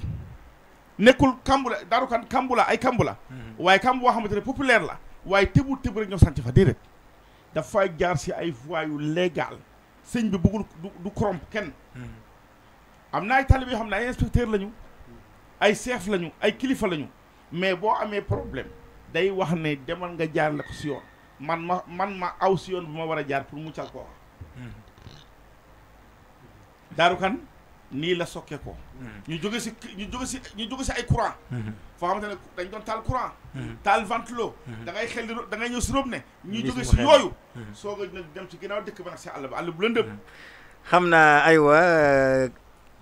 nekkul la Daaru Kan kambula ay kambula mhm. waaye kamb boo xamante ne populaire la waaye tëbul tëb rek ñoo sanc fa déedéet dafay jaar si ay voie yu légal sëñ bi bëggul du koromp kenn mhm. am naa ay talib yoo xam ne ay inspecteur lañu ay chef lañu ay kilifa lañu mais boo amee problème day wax ne demal nga jaar la ko si yoon man ma man ma aw si yoon bu ma war a jaar pour muccal koo Hmm. daru kan ni la sokke ko hmm. ñu joge ci ñu joge ci ñu joge ci ay courant hmm. fo xamantene dañ doon tal courant tal ventilo da ngay xel da ngay ñëw si rob ne ñu joge ci yoyu soog a nag dem ci ginaaw dekk ba nak ci Allah ba Allah bu lëndëm xamna ay wa euh,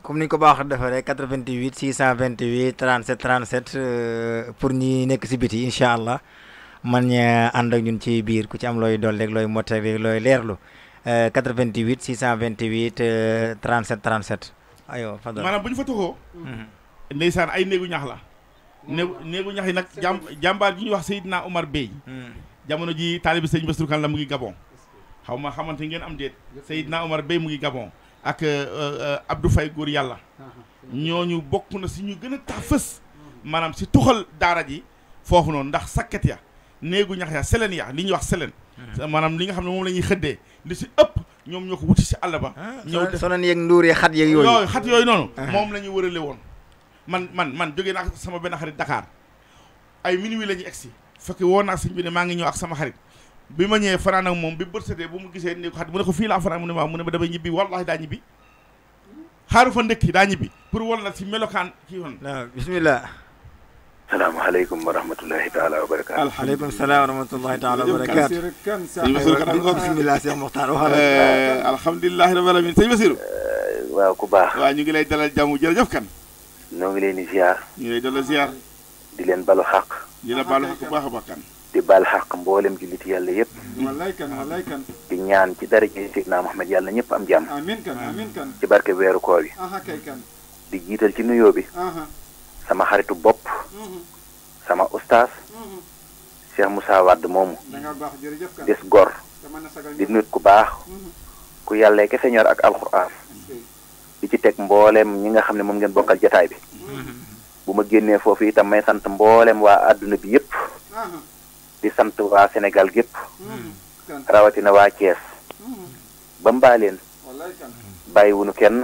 comme niñ ko baax dafa 88 628 37 37 pour ñi nekk ci biti inshallah allah man ñe and ak ñun ci biir ku ci am loy dool rek looy motta leerlu 88 628 37 37. aywa Fadal maanaam bu ñu fa toxoo. Mhm. ndeysaan ay néegu ñax la. néegu néegu ñax yi nag jàmb jàmbaar gi ñuy wax Seydina Omar Bey. Mhm. jamono ji taalibi sëñ Bassirou Kane la mu Gabon. xaw ma xamante ngeen am déet. Seydina Omar Bey mu ngi Gabon. ak euh, euh, Abdou fay góor yàlla. Ah, ah. ñoo ñu bokk na si ñu gën a tax fës. maanaam si tuxal daara ji foofu noonu ndax sakket ya néegu ñax ya selen ya li ñuy wax selen. Mhm. maanaam li nga xam ne moom lañuy ñuy xëddee. li si ëpp ñoom ñoo ko wuti si àll ba. Ah, ñëw def sonan yeeg nduur yi xat yeeg yooyu. yooyu xat noonu. Ah. moom la ñu wërale woon. man man man jógee naa sama benn xarit Dakar ay minuit la ñu si fekk woo naa sëñ ne maa ngi ñëw ak sama xarit bi ma ñëwee fanaana moom bi bët setee bu mu gisee ne ko xat mu ne ko fii laa fanaan mu ne waaw mu ne ma damay ñibbi wallahi daa ñibbi xaaru fa ndëkki daa ñibbi pour wol na si melokaan kii woon. waaw bismillah salaamaaleykum wa rahmatulahi taala wa barakaatu. aleykum salaam wa rahmatulahi taala wa barakaatu. sëñ Basiru kat ngoog bisimilah Cheikh Mokhtar waxal. Eh, alhamdulilah rabbil alamin sëñ Basiru. Eh, waaw ku baax. waaw ñu ngi lay dalal jàmm jërëjëf kan. ñoo ngi leen di ziar. ñu ngi lay dalal ziar. di leen balu xaq. di la balu xaq bu baax a baax kan. di baal xaq mboolem jullit yàlla yëpp. wallaay kan wallaay kan. di ñaan ci daraja Seydina Muhammad yàlla ñëpp am jàmm. amiin kan amiin kan. ci barke weeru koor yi. di jiital ci nuyoo bi. sama hari tu Bob, mm-hmm. sama Ustaz, Cheikh mm-hmm. Musa wad mom dis gor di nit ku Al ku yàlla kese ñor ak alxuraan di ci teg mbooleem ñi nga ne moom ngeen bokkal jataay bi mm-hmm. bu ma génnee foofu itam may sant mbooleem waa àdduna bi uh-huh. di kan? ba kan? kenn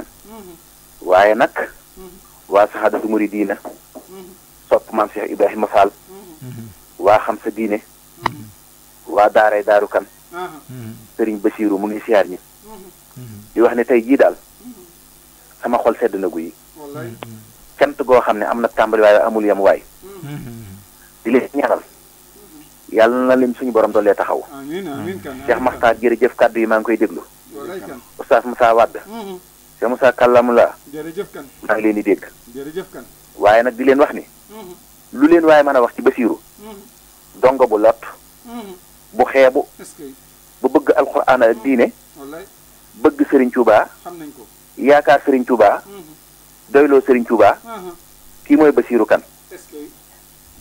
waaye nag wa sahadatu muridina sop maam Cheikh Ibrahima Fall Waham xam sa diine wa daaray daaru kan serigne Basiiru mu ngi siar ni di wax ne tay ji dal sama xol sedd na guyi kent go xamne amna tambali way amul yam way di leen ñaanal yalla na lim suñu borom doolee taxaw Cheikh Maxtaar jërëjëf kaddu yi ma ngi koy Oustaz musa te Moussa Kallam la jërëjëf kan maa ngi leen di dégg jërëjëf kan waaye nag di leen wax ni mm-hmm. lu leen waaye mën a wax ci basiru mm-hmm. dongo bu lot mm-hmm. bu xeebu bu bëgg alquran ak diine bëgg Serigne Touba yaakaar Serigne Touba doyloo Serigne Touba kii mooy basiru Kan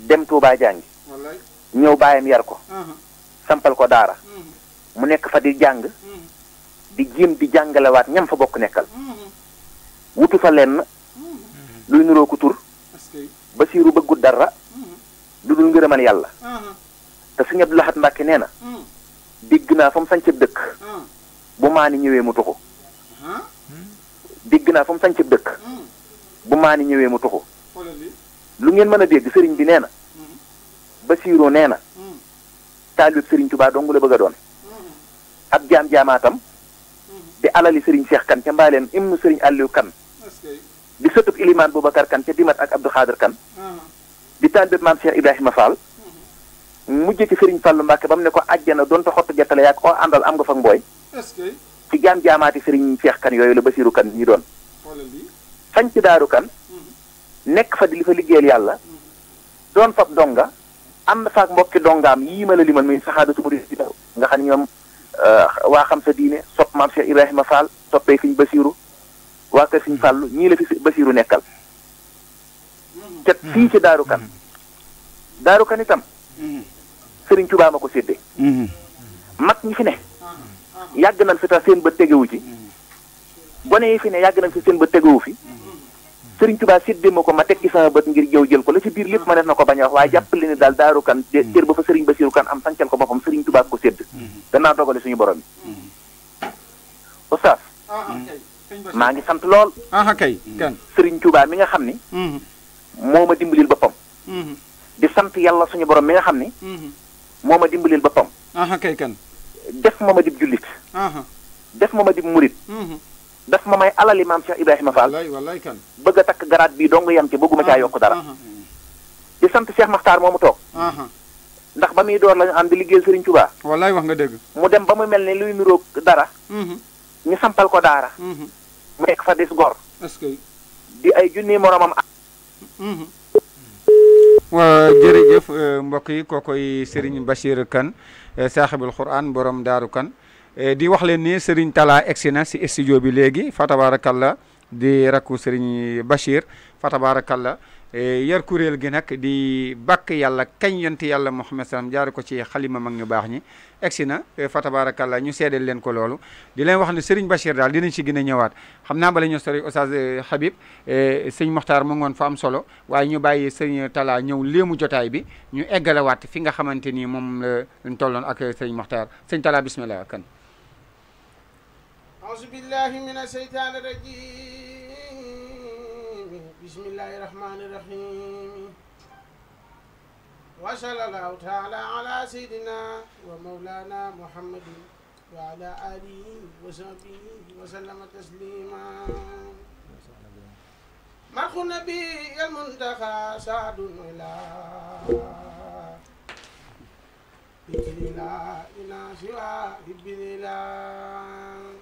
dem Touba jàngi ñëw baayam yar ko sampal ko daara mu nekk fa di jàng di jéem di jàngalewaat ñam fa bokk nekkal wutu fa lenn luy nuroo ko Basiiru bëggut dara lu dul ngërëmal yàlla te Sëñ Abdou Lahad Mbàkke nee na naa fa mu sañ cëb dëkk bu maani ñëwee mu tuxu dégg naa fa mu sañ cëb dëkk ñëwee mu tuxu lu ngeen mën a dégg sëriñ bi nee na Basiiru nee na taalib sëriñ Tuubaa dong la bëgg doon ab jaam jaamaatam di alali Serigne Cheikh Kan ca mbalen ibnu Serigne Aliou Kan di sëtub Ilimaan Boubacar Kan ca Dimat ak Abdou Khader Kan ah. di taalibeb mam Cheikh Ibrahima Fall mhm. mujjé ci Serigne Fallou Mbacke bam ne ko aljana don ta xott jottale yak o andal am nga fa mboy ci jam jaamaati Serigne Cheikh Kan yooyu la basirou Kan ni don fañ ci daru Kan mhm. nek fa di fa mhm. donga ànd mbokki dongam yima la limal muy sahadatu murid nga xani ñom Euh, waa xam sa diine sopp maam Cheikh Ibrahima Fall soppee fiñ Basiiru waa kër fiñ Fàllu ñii la fi Basiiru nekkal te mm-hmm. fii ci Daaru Kan mm-hmm. Daaru Kan itam mm-hmm. Sëriñ Tuubaa ma ko séddee mag ñi fi ne yàgg na fi tax seen bët tegewu ci gone yi fi ne yàgg nañ fi seen bët tegewu fi Sëriñ Tuubaa séddee ma ko ma teg ci sama bët ngir jëw jël ko la ci biir lépp ma def na ko bañ a wax waaye jàppale ni daal daaru kan mm. cër ba fa sëriñ Basiru kan am sancal ko boppam Sëriñ Tuubaa ko sédd mm-hmm. danaa dogale suñu borom yi mm-hmm. oustaz ah, ah, maa ngi sant lool ah, mm-hmm. Sëriñ Tuubaa mi nga xam ni moo ma dimbalil boppam di sant yàlla suñu borom mi nga xam ni moo ma dimbalil boppam kay kan def ma ma dib jullit def ma ma dib murit daf ma may alali maam Cheikh Ibrahima Fall kan. bëgg a takk garaat bii dong yam ci bëgguma caa yokk dara di sant Cheikh Makhtar moomu toog ndax ba muy door lañu di liggéeyal Serigne Touba wallaay wax nga dëgg mu dem ba mu mel ne luy niroog dara mhm. ñu sampal ko daara mhm. mu nekk fa dis gor di ay junni moromam mhm. waa jërëjëf euh, mbokk yi kookoy Serigne Bachir kan saaxibul Quran borom daaru kan Eh, di wax leen ni Serigne Talla egsi na si studio bi léegi fa la di rakku Serigne Bachir fa tabaarakalla eh, yar kuréel gi nag di bàkk yàlla kañ yonent yàlla Muhammad salaam jaar ko ci xalima mag ñu baax ñi egsi na eh, fa tabaarakalla ñu seedeel leen ko loolu di leen wax ne Serigne Bachir daal dinañ ci gën a ñëwaat xam naa bala ñu sori Oustaz Habib sëñ Mokhtar mu ngoon fa am solo waaye ñu bàyyi sëñ talaa ñëw léemu jotaay bi ñu eggalawaat fi nga xamante ni moom lañ tolloon ak sëñ Mokhtar sëñ Talla bismillah kan أعوذ بالله من الشيطان الرجيم بسم الله الرحمن الرحيم وصلى الله تعالى على سيدنا ومولانا محمد وعلى آله وصحبه وسلم تسليما مرخ النبي المنتخى سعد إلى بإذن الله إلى سوى بإذن الله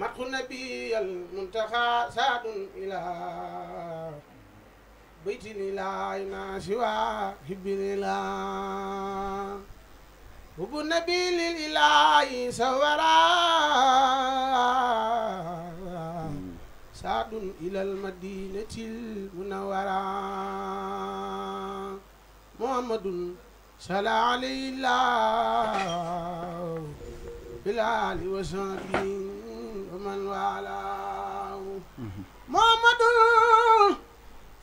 مدح النبي المنتخى ساد إلى بيت لا إلى سوى حب إلى حب النبي للإله سورا ساد إلى المدينة المنورة محمد صلى عليه الله بالآل وصحبه ومن والاه محمد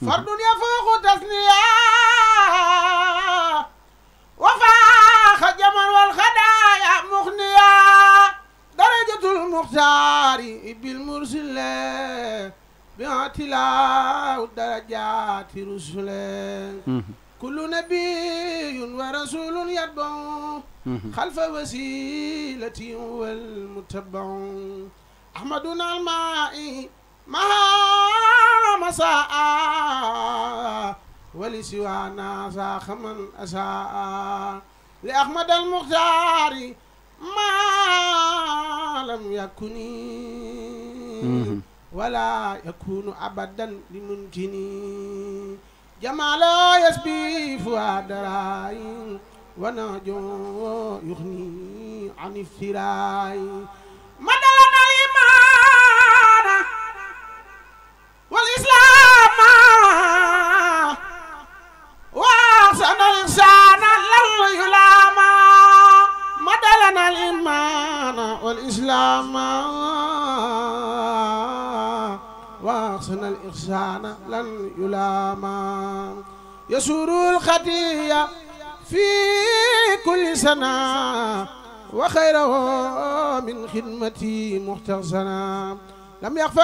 فرد يفوق تسليا والخدايا مخنيا درجة المختار بالمرسل بعتلاء الدرجات رسل كل نبي ورسول يتبع خلف وسيلة والمتبع أحمدنا الماء ما مساء ولسوانا ساخ من أساء لأحمد المختار ما لم يكن ولا يكون أبدا لممكن جمالا يسبي فؤاد راي ونهج يغني عن افتراي مدى والإسلام مدلنا الإيمان والإسلام واحسن الإحسان لن يلام يسور الخطية في كل سنة وخيره من خدمتي محتسنا لم يخف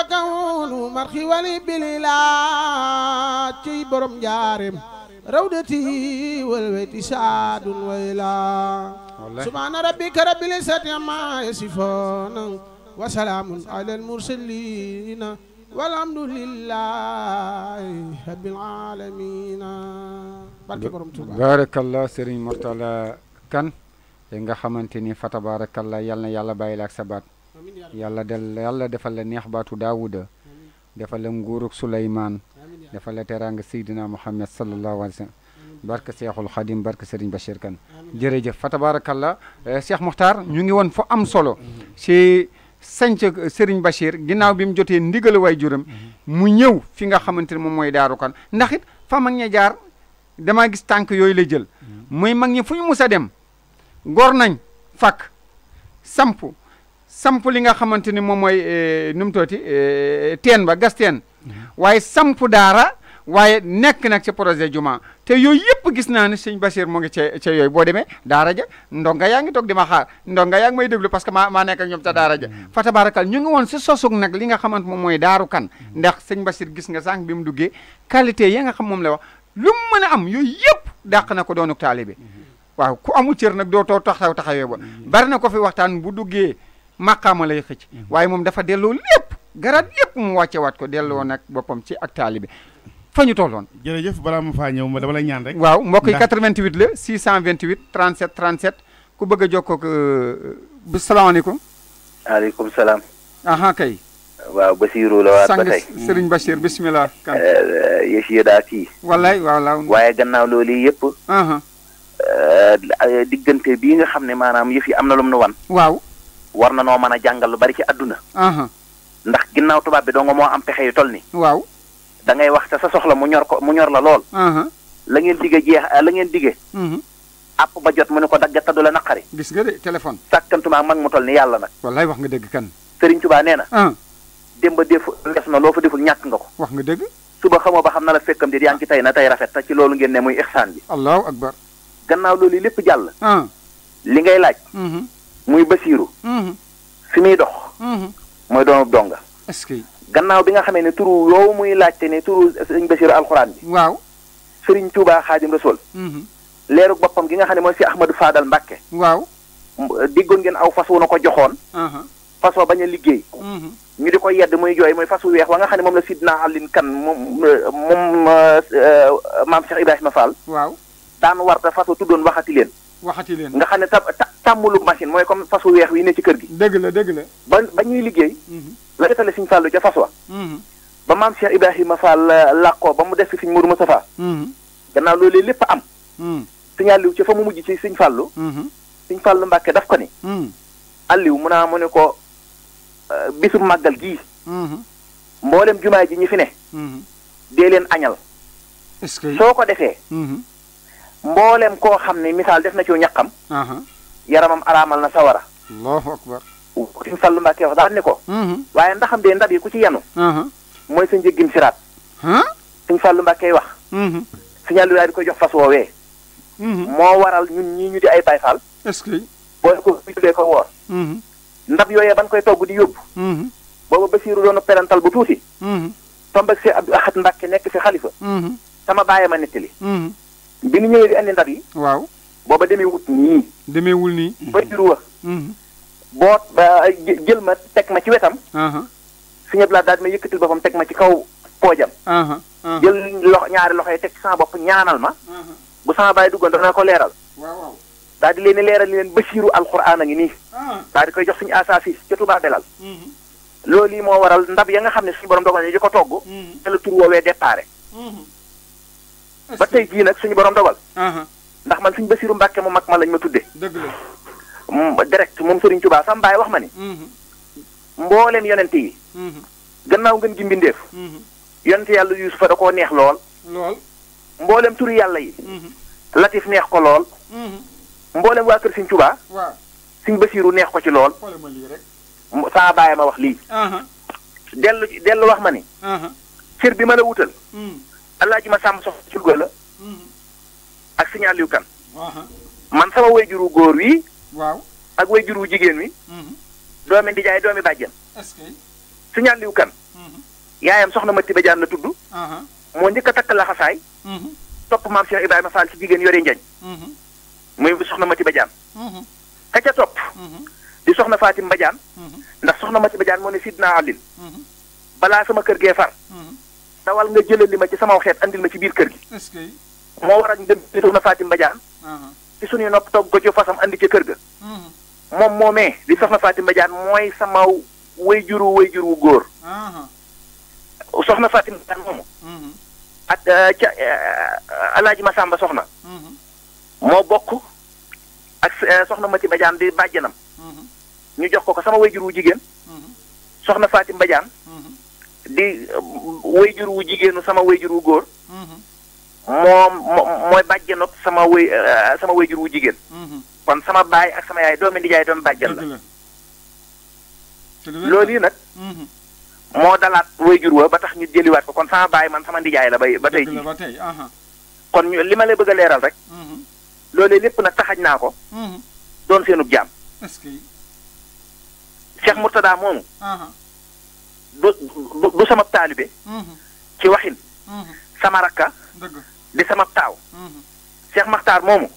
مرخي ولي بالإلاج بروم جارم rawdati wal weyti saadun wayla subhaana rabbika rabbil izzati amma yasifoon wa salaamun alal mursaliin walhamdulillahi rabbil aalamiin barke borom baarakallah Sëriñ Mortala Kan nga xamante ni fa tabaarakallah yal na yàlla bàyyi la ak sa yàlla del yàlla defal la baatu Daawuda defal la Suleymaan defal la terang Muhammad sallallahu alaihi wasallam barka barke Seexul barka barke Serigne Bachir Kane jërëjëf fa tabarakallah eh, Cheikh Mokhtar ñu ngi won fu am solo ci senjuk Serigne Bachir ginaaw bi mu jotee ndigal way juram mu ñew fi nga xamanteni mom moy daru Kan ndax it fa mag ña jaar dama gis tank yoy la jël mm. muy mag ñi fu ñu dem gor nañ fak sampu samp li nga xamante ni moom mooy eh, nu mu tooti eh, teen ba gas teen waaye samp daara waaye nekk nag ci projet juma te yooyu yëpp gis naa ne sëñ Bachir mu ngi ca boo demee daara ja ndonga yaa ngi toog di ma xaar ndonga yaa ngi may déglu parce que maa maa nekk ak ñoom ca daara ja mm. fa tabaarakal ñu ngi woon si sosug nag li nga xamante moom mooy daaru kan ndax sëñ Bachir gis nga sànq bi mu duggee qualité ya nga xam moom la wax lu mu am yooyu yëpp dàq na ko doonuk taalibe mm-hmm. waaw ku amul cër nag doo too taxaw taxawee ba mm-hmm. bari na ko fi waxtaan bu duggee màqaama lay xëcc mhm. waaye moom dafa delloo lépp garaat lépp mu wàccewaat ko delloo mhm. nag boppam ci ak taalibe fa ñu tolloon jërëjëf balaa ma faa ñëw ma dama lay ñaan rek waaw mbokk yi 88 la 628 37 37 ku bëgg a jokkoog bu euh, salaamaaleykum aleykum salaam aha kay waaw Basiirou la waat ba tey sang bisimilah. yëf yi daa kii. wallaay waaw waaye gannaaw loolu yëpp. Euh, diggante bii nga xam ne maanaam yëf yi am na lum nu wan. waaw. war na noo mën a jàngal lu bari ci àdduna ndax ginnaaw tubaab bi do nga moo am pexe yu toll ni waaw da ngay wax ca sa soxla mu ñor ko mu ñor la lool la ngeen digge jeex la ngeen dige mhm. app ba jot mu ne ko dagga taddu la naqari gis nga de téléphone sàkkantumaa mag mu tol ni yàlla nag wallaay wax nga dëgg kan sëriñ tubaa nee na ah. démba def des na loo fa deful ñàkk nga ko wax nga dëgg suba xamoo ba xam na la fekkam di yaa ngi tey na tey rafet ta ci loolu ngeen ne muy ihsan bi allahu akbar gannaaw loolu lépp jàll ah. li ngay laaj mhm. muy Basiiru mm-hmm. fi muy dox mm-hmm. mooy doonub donga gannaaw bi nga xamee ne turu yow muy laajte ne turu sëriñ Basiiru alxuraan bi waaw sëriñ Tuubaa Xaadim Rasuul mm-hmm. leeru boppam gi nga xam ne mooy si Ahmadou Fadal Mbàkke waaw uh, diggoon geen aw fas wu na ko joxoon uh-huh. fas wa bañ a liggéey ñu di ko yedd muy jooy mooy fas wu weex wa nga xam ne moom la Sidna Alin Kan moom uh, moom uh, maam Cheikh Ibrahima Fall waaw daan warta fas wa tuddoon waxati leen waxati leen nga xam ne ta tàmmulu machine mooy comme fasu weex wi ne ci kër gi. dëgg la dëgg la. ba ba ñuy liggéey. Mhm. la jotale Sëñ Fallu ca fas wa. Mhm. ba maam Cheikh Ibrahima Fall làkkoo ba mu des fi Sëñ Mourou Moustapha. Mhm. gannaaw loolu lépp am. Sëñ Aliou ci fa mu mujj ci Sëñ Fallu. Sëñ Fallu Mbàkke daf ko ni. Aliou mu naa mu ne ko euh, bisu màggal gii. mboolem jumaa ji ñi fi ne. dee leen añal. soo ko defee. mboolem koo xam ne misaal def na ci ñaqam. yaramam araamal na sawara. allahu akbar. suñ Fallu Mbàkke wax daal ni ko. Mhm. waaye ndaxam de ndab yi ku ci yanu. mooy sa njëggim siraat. suñ Fallu Mbàkke wax. Mhm. suñu àll di ko jox fas woowee. Mhm. moo waral ñun ñii ñu di ay Baay Faal. est-ce que. boo ko tuddee ko woor. ndab yooyee ban koy togg di yóbbu. booba Basiiru doon perantal bu tuuti. tombeeg si a Ahad Mbàkke nekk fi xalifa. sama bàyyi ma nettali. bi ñu ñëwee di andi ndab yi. waaw booba demeewut nii. demeewul nii. bay juru wax. boo jël ma teg ma ci wetam. su ñëpp laa daal ma yëkkatil boppam teg ma ci kaw poojam. jël lox ñaari loxo yi teg sama bopp ñaanal ma. bu sama bàyyi duggoon dana ko leeral. waaw daal di leen leeral leen ba basiiru alxuraan a ngi nii. daal di koy jox suñu asaafi ca Tuubaa delal. Mhm. loolu yi moo waral ndab ya nga xam ne suñu borom dogal ñu ko togg. Mhm. te la tur woowee déparé. Mhm. ba tey jii nag suñu borom dogal. ndax man suñu Basiru Mbàkke mu mag ma lañ ma tuddee. dëgg la mm, direct moom Sëriñ Tuubaa sama baay wax ma ni. Mhm. mbooleem yonent yi. Mhm. gannaaw ngeen gi mbindeef. Mhm. yonent yàlla Yuusufa da koo neex lool. lool mbooleem turi yàlla yi. Latif neex ko lool. mboolem waa kër Sëriñ Tuubaa. waaw Sëriñ Basiru neex ko ci lool. saa baay ma wax lii. dellu dellu wax ma ni. cër bi ma la wutal. alaaji ma sàmm soxna Culga la. Mm-hmm. ak sëñ Aliou Kane. Uh-huh. man sama wayjuru góor wi. waaw ak wayjuru jigéen wi. Mm-hmm. doomi ndijaay doomi bàjjen. est-ce que. sëñ Aliou Kane. Mm-hmm. yaayam soxna Mati Badiane la tudd. Uh-huh. moo njëkk a takk laxasaay. topp maam Cheikh Ibrahima Fall ci jigéen yore njañ. muy soxna Mati Badiane. ka ca topp. di soxna Fatim Badiane. ndax soxna Mati Badiane moo ne Sidna Alin. balaa sama kër gee far. dawal nga jëlee li ma ci sama xeet andil ma ci biir kër gi. moo waral ñu dem ci soxna Fatim Badiane. Uh-huh. ci suñuy nopp toog ko ci fasam andi ca kër ga. Uh-huh. moom moomee di soxna Fatim Badiane mooy sama wayjuru wayjur wu góor. Uh-huh. soxna Fatim Badiane moomu. ak uh, ca uh, uh, Alaaji Masamba soxna. moo bokk ak soxna Mati Badiane di bàjjanam. ñu jox ko ko sama wayjur wu jigéen. soxna Fatim Badiane. di wéyjur wu jigéenu sama wéyjur wu góor. moom mooy bàjjanoog sama wéy eh, sama wéyjur wu jigéen. kon sama baay ak sama yaay doomi nijaay doomi bàjjan la. loolu yi nag. moo dalaat wéyjur wa ba tax ñu jëliwaat ko kon sama baay man sama nijaay la ba tey jii. kon ñu li ma lay bëgg a leeral rek. Mhm. loolee lépp nag taxaj naa ko. Mhm. doon seenub jaam. Cheikh Mourtada moomu. du du sama taalibe mhm. ci waxin mhm. sama rakka di sama taaw mhm. Cheikh Makhtar moomu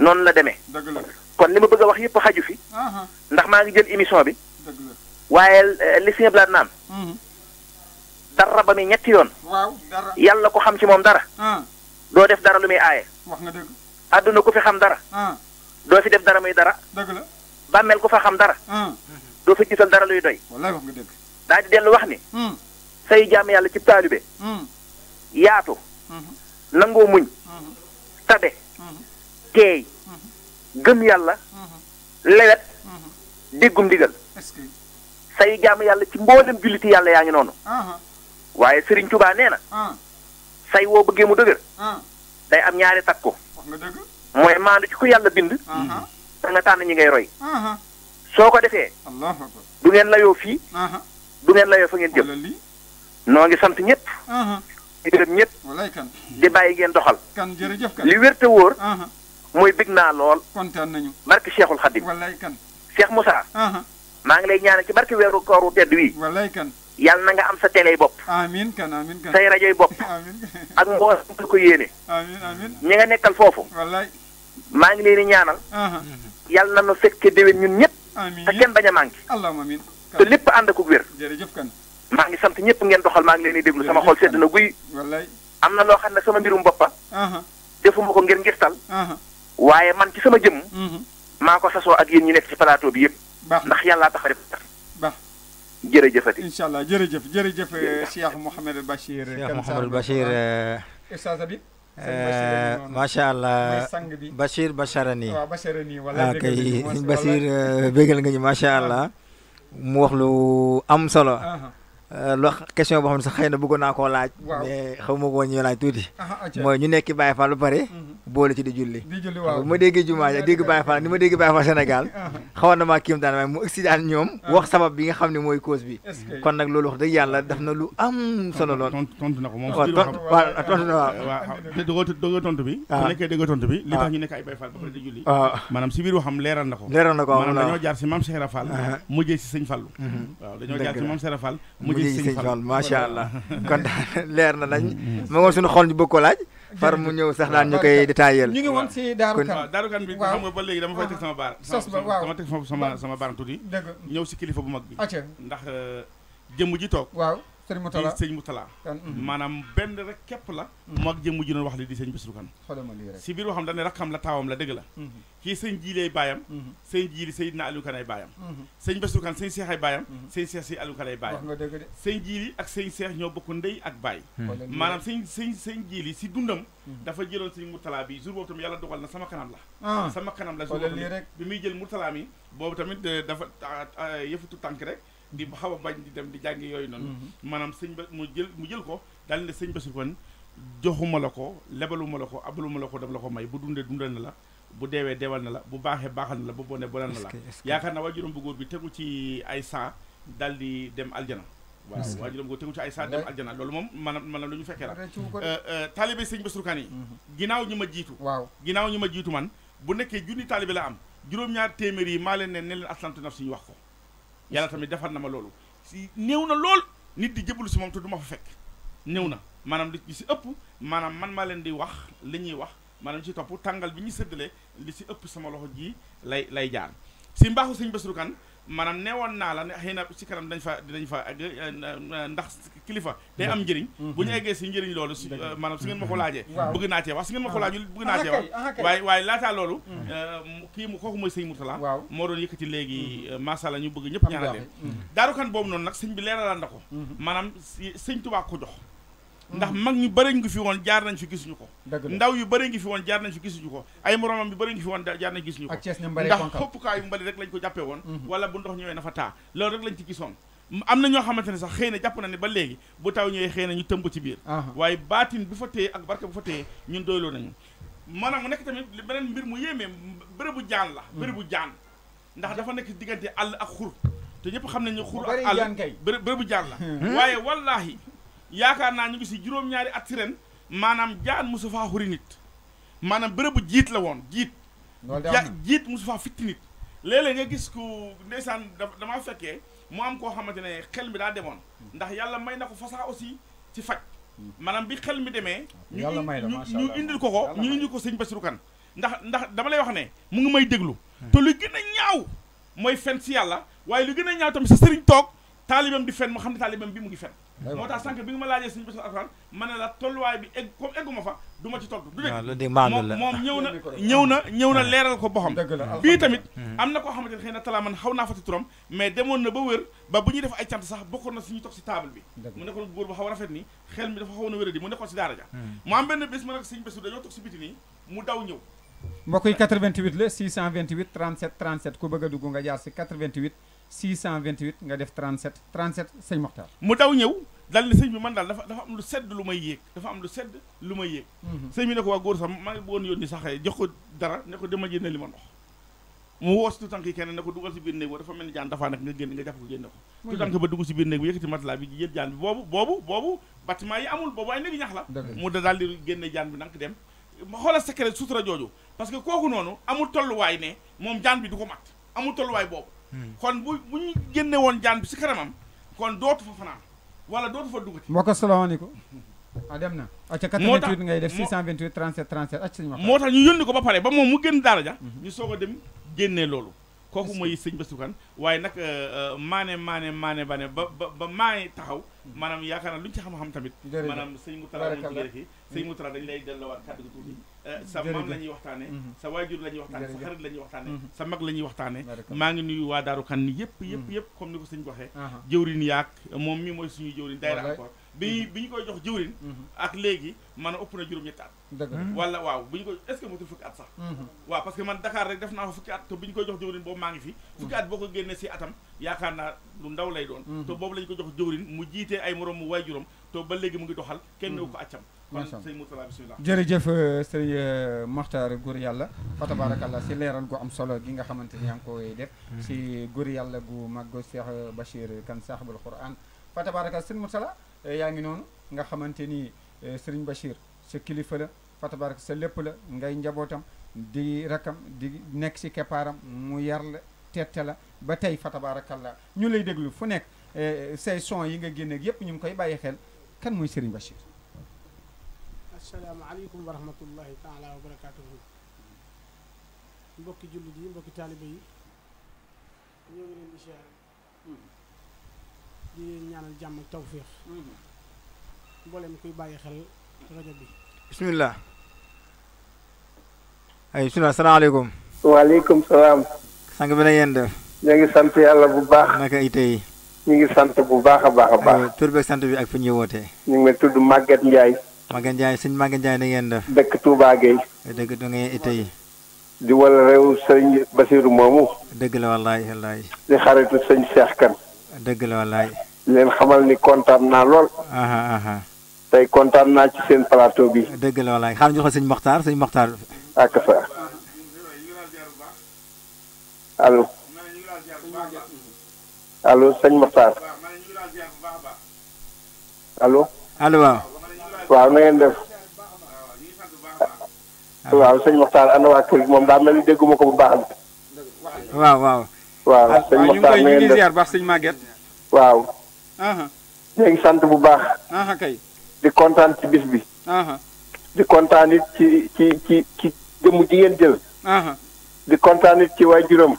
noonu la demee kon li ma bëgg a wax yépp xaju fi ndax maa ngi jël émission bi waaye euh, li sëñ Blaat naan dara ba muy ñetti yoon yàlla ko xam ci moom dara doo def dara lu muy aaye àdduna ku fi xam dara doo fi def dara muy dara bàmmeel ko fa xam dara doo fi gisal dara luy doy daal di dellu wax ni. Hmm. say jaam yàlla ci taalibe. Hmm. yaatu. Hmm. nangoo muñ. tabe. teey. gëm yàlla. lewet. déggum ndigal. say jaam yàlla ci mboolem julliti yàlla yaa ngi noonu. Uh-huh. waaye Serigne Touba nee na. Uh-huh. say woo bëggee mu dëgër. Uh-huh. day am ñaari takku. mooy maandu ci ku yàlla bind. da nga tànn ñi ngay roy. soo ko defee. du ngeen layoo fii. du ngeen layoo fa ngeen jëm noo ngi sant ñëpp di gërëm ñëpp di bàyyi ngeen doxal li wér te wóor mooy bég naa lool kontaan nañu barke seex Khadim Cheikh Moussa maa ngi lay ñaanal ci barke weeru kooru tedd wi yàlla na nga am sa télé bopp amiin kan amiin kan say rajoy bopp ak mboolem ko yéene ñi nga nekkal foofu maa ngi leen di ñaanal yàlla na nu fekke déwén ñun ñëpp te kenn bañ a manqué te lépp ànd ak wér. maa ngi sant ñëpp ngeen doxal maa ngi leen di déglu sama xol sedd na guy. am na sama mbirum boppa defuma ko ngeen ngirtal. waaye man ci sama jëm. Mhm. maa ko sasoo ak yéen ñu nekk ci plateau bi yëpp. ndax yàllaa tax a jërëjëfati incha allah jërëjëf jërëjëf eh, Cheikh Mouhamed Bachir. Eh, Cheikh Mouhamed Bachir. Oustaz macha allah Bachir Bacharani. waaw Bacharani wala ah, dëgg Bachir eh, bégal nga ñu macha allah. Ah. mu wax lu am solo. Euh, loo question boo xam ne sax xëy na bëggoon naa koo laaj. mais xaw ma ko ñu laaj tuuti. Ah, ah, mooy ñu nekk Baye Fall ba pare. Mhm. boole ci di julli. di julli waaw bu ma déggee jumaa ja dégg Baye Fall ni ma dégg Baye Fall Sénégal. Ah. xawoon na maa kii am daan waaye mu xam ne mooy cause bi. kon nag loolu wax dëgg yàlla def na lu am solo lool. tontu tontu na ko moom. waaw tontu na waaw. waaw te dogoo dogoo tontu bi. waaw bu nekkee dogoo tontu bi. li tax ñu nekk ay Baye Fall ba pare di julli. waaw si biir waxam leeral na ko. leeral na ko waaw maanaam dañoo jaar si maam Cheikh Fall. mujjee si sëñ Fallu. waaw dañoo jaar si maam Cheikh Fall biir allah kon leer na nañ ma ngoon suñu xol ñu bëgg ko laaj far mu ñëw sax daan ñu koy détaillel ñu ngi woon si Daaru Kan Daaru Kan bi xam nga ba léegi dama fay teg sama baar dama teg sama sama baar tuuti ñëw si kilifa bu mag bi ndax euh, jëmm ji toog sëñ Moutala sëñ Moutala mhm. maanaam benn rek képp la mhm. mag jëmm ji doon wax li di sëñ Bassirou Kane si biir waxam dane rakkam la taawam la dëgg la mhm. kii sëñ jiilee baayam sëñ jiili Seydina Aliou Kane ay baayam sëñ Bassirou Kane sëñ Seex ay baayam sëñ Seex sëñ Aliou Kane ay baayam sëñ jiili ak sëñ Seex ñoo bokk ndey ak baay maanaam sëñ sëñ sëñ jiili si dundam dafa jëloon sëñ Moutala bi jour boobu tamit yàlla dogal na sama kanam la ah. sama kanam la jour bi muy jël Moutala mi boobu tamit euh, dafa euh, euh, yëfutu tànk rek di xaw a bañ di dem di jàngi yooyu noonu mhm. maanaam sëñ ba mu jël mu jël ko daal ne sëñ Bassirou Kane joxuma la ko lebaluma la ko abaluma la ko dama la ko may bu dundee dundal na la bu deewee dewal na la bu baaxee baaxal na la bu bonee bonal na la yaakaar naa waajuram bu góor bi tegu ci ay saa daal di dem aljana waaw waajuram bu góor tegu ci ay saa dem aljana loolu moom maanaam maanaam lu ñu fekkee la euh, euh, taalibe sëñ Bassirou Kane yi mhm. ginnaaw ñi ma jiitu waaw ginnaaw ñi ma jiitu man bu nekkee junni taalibe la am juróom-ñaar téeméer maa leen ne ne leen aslamtu naf suñu wax ko yàlla tamit defal na ma loolu si néew na lool nit di jëbbalu si moom te du ma fa fekk néew na maanaam li si ëpp maanaam man maa leen di wax li ñuy wax maanaam ci topp tàngal bi ñu sëddalee li si ëpp sama loxo ji lay lay jaan si mbaaxu sëñ Bassirou Kane maanaam woon naa la ne xëy na si kanam dañ fa dañ fa eh, ndax kilifa day am njëriñ mm-hmm. bu ñu eggee si njëriñ loolu si maanaam su ngeen ma ko mm-hmm. laajee bëgg naa cee wax su ngeen ma ko ah. laajul bëgg naa ah, cee wax ah, waaye waaye laataa loolu mm-hmm. eh, kii kooku mooy sëñ Mourtala moo doon yëkkati léegi eh, masala ñu bëgg ñëpp ñaanal leen daaru kan boobu noonu nag sëñ bi leeralaan na ko maanaam sëñ Tuubaa ko jox ndax mag ñu bëri ngi fi woon jaar nañ fi gisuñu ko ndaw yu bëri ngi fi woon jaar nañ fi gisuñu ko ay moromam yu bëri ngi fi woon jaar nañ gisuñu ko ndax xëppukaayu mbali rek lañ ko jàppee woon mhm. wala bu ndox ñëwee na fa taa loolu rek lañ ci gisoon am na ñoo xamante ne sax xëy na jàpp na ne ba léegi bu taw ñëwee xëy na ñu tëmb ci biir waaye baatin bu fa téye ak barke bu fa téye ñun doyloo nañu maanaam mu nekk tamit li beneen mbir mu yéemee bérébu jaan la mhm. bérébu jaan ndax dafa nekk diggante àll ak xur te ñëpp xam nañu xur ak àll bérébu jaan la waaye wallaahi yaakaar naa ñu ngi si juróom-ñaari at si ren maanaam jaan mosu faa xuri nit maanaam bërëb bu jiit la woon jiit ja jiit mosu faa fitti nit léeg-léeg nga gis ku ndeysaan dama fekkee mu am koo xamante ne xel mi daa demoon hmm. ndax yàlla may na ko fasaa aussi ci faj hmm. maanaam bi xel mi demee ñu ñu indil ko ko ñu indil ko sëñ Bassirou Kane ndax ndax dama lay wax ne mu ngi may déglu hmm. te lu gën a ñaaw mooy fen si yàlla waaye lu gën a ñaaw tamit sa sëriñ toog taalibam di fen mu xam ne taalibam bi mu ngi fen moo tax sànq bi nga ma laajee suñu bésu alxuraan ma ne la tolluwaay bi egg comme egguma fa du ci togg du dégg moom ñëw na ñëw na ñëw ah. na leeral ko boxam bii tamit hmm. am na koo xamante na talaa man xaw naa fati mais demoon na ba wér ba bu ñuy def ay cant sax bokkoon na suñu toog si table bi mu nekkoon góor bu xaw rafet nii xel mi dafa xaw na wéra mu nekkoon si daara ja hmm. mu am benn bés ma nekk suñu bésu dañoo toog si biti nii mu daw ñëw mbokk yi 88 la 628 nga def 37 37 sëñ Moxtaar mu daw ñëw dal ne sëñ bi man daal dafa dafa am lu sedd lu may yéeg dafa am lu sedd lu mhm. bi ne ko waa góor sax maa ngi bëggoon yónni sax jox ko dara ne ko dama ma ndox mu woos tu tànk yi kenn ne ko dugal si biir néeg ba dafa mel ni jaan dafaa nag nga génn nga jàpp ko génne ko tu tànk ba dugg si biir néeg bi yëkkati matelas bi parce que kooku noonu amul tolluwaay ne moom jaan bi du ko mat amul tolluwaay boobu Hmm. kon bu bu ñu génne woon jaan bi si kanamam kon dootu fa fanaan wala dootu fa duggati. mbokk asalaamaaleykum. ah dem na. Ah, moo tax moo ca 88 ngay def 628 37 37 ak suñu wax. moo tax ñu yónni ko ba pare ba moom mu génn a ja. ñu soog a dem génne loolu. kooku mooy sëñ ba Kane waaye nag euh, euh, maane maane maane bane ba ba ba maane taxaw maanaam yaakaar naa lu ñu ci xam tamit maanaam sëñ Moutara moom jigéen ki mm-hmm. sëñ Moutara dañ lay delluwaat kàddu gi tuuti euh, sa maam la ñuy waxtaane mm-hmm. sa waajur la ñuy waxtaane sa xarit la ñuy waxtaane mm-hmm. sa mag la ñuy waxtaane maa ngi nuyu waa Daaru Kane yëpp yëpp yëpp comme ni ko sëñ waxee uh-huh. jëwrin yaak moom mi mooy suñu jëwrin daayira encore bi bi ñu koy jox jëwrin mhm. ak léegi man a ëpp na juróom-ñetti at mhm. wala waaw bi ñu koy est ce fukki at sax mhm. waaw parce que man dakaar rek def naa fa fukki at te bi ñu koy jox jëwrin boobu maa ngi fi fukki at boo ko génnee si atam yaakaar naa lu ndaw lay doon te boobu la ñu ko jox jëwrin mu jiitee ay moroom mu waajuram te ba léegi mu ngi doxal kenn ko accam sëñ Mourtala bismillah jëf euh, sëñ euh, Maxtaar góor yàlla fa tabarakallah si leeral gu am solo gi nga xamante ni yaa ngi koy def si góor yàlla gu mag Cheikh Bachir kan saahibul Quran fa tabaraka sëñ Mourtala Eh, yaa ngi noonu nga xamante ni eh, sëriñ Bachir sa kilifa la fatabarak sa lépp la ngay njabootam di rakam di nekk ci keppaaram mu yar la tette la ba tey fatabarakallah ñu lay déglu fu nekk eh, say son yi nga génneeg yépp ñu ngi koy bàyyi xel kenn muy Serigne Bachir asalaamaaleykum wa rahmatullahi taala wa barakatuhu mbokki jullit yi mbokki taalibe yi di leen ñaanal jàmm ak tawféex mhm. mboolem kuy bàyyi xel rajo bi bismillah ay bismillah salaamaaleykum waaleykum salaam sang bi na ngeen def ñoo ngi sant yàlla bu baax naka ay tey ñu ngi sant bu baax a baax a baax tur beeg sant bi ak fi ñuy wootee ñu ngi tudd Maguette Ndiaye Maguette Ndiaye sëñ Maguette Ndiaye na ngeen def dëkk Touba Gueye dëkk du ngeen ite yi di wala rew sëñ Basiru moomu dëgg la wallaay wallaay di xaritu sëñ Cheikh kan dëgg la wallaay. leen xamal ni kontaan naa lool. tey kontaan naa ci seen plateau bi. dëgg la wallaay xaaral ñu xool sëñ Mokhtar sëñ Mokhtar. ak sa. allo. allo sëñ allo. allo waaw. waaw na ngeen def. waaw sëñ Mokhtar ana waa kër moom daa mel ni dégguma ko bu baax. waaw waaw. waaw sëñ Mokhtar na ngeen def waaw ñu waaw. ñu ngi sant bu baax. kay. di kontaan ci bis bi. di kontaan it ci ci ci ci jëmm ji ngeen jël. di kontaan it ci waajuram.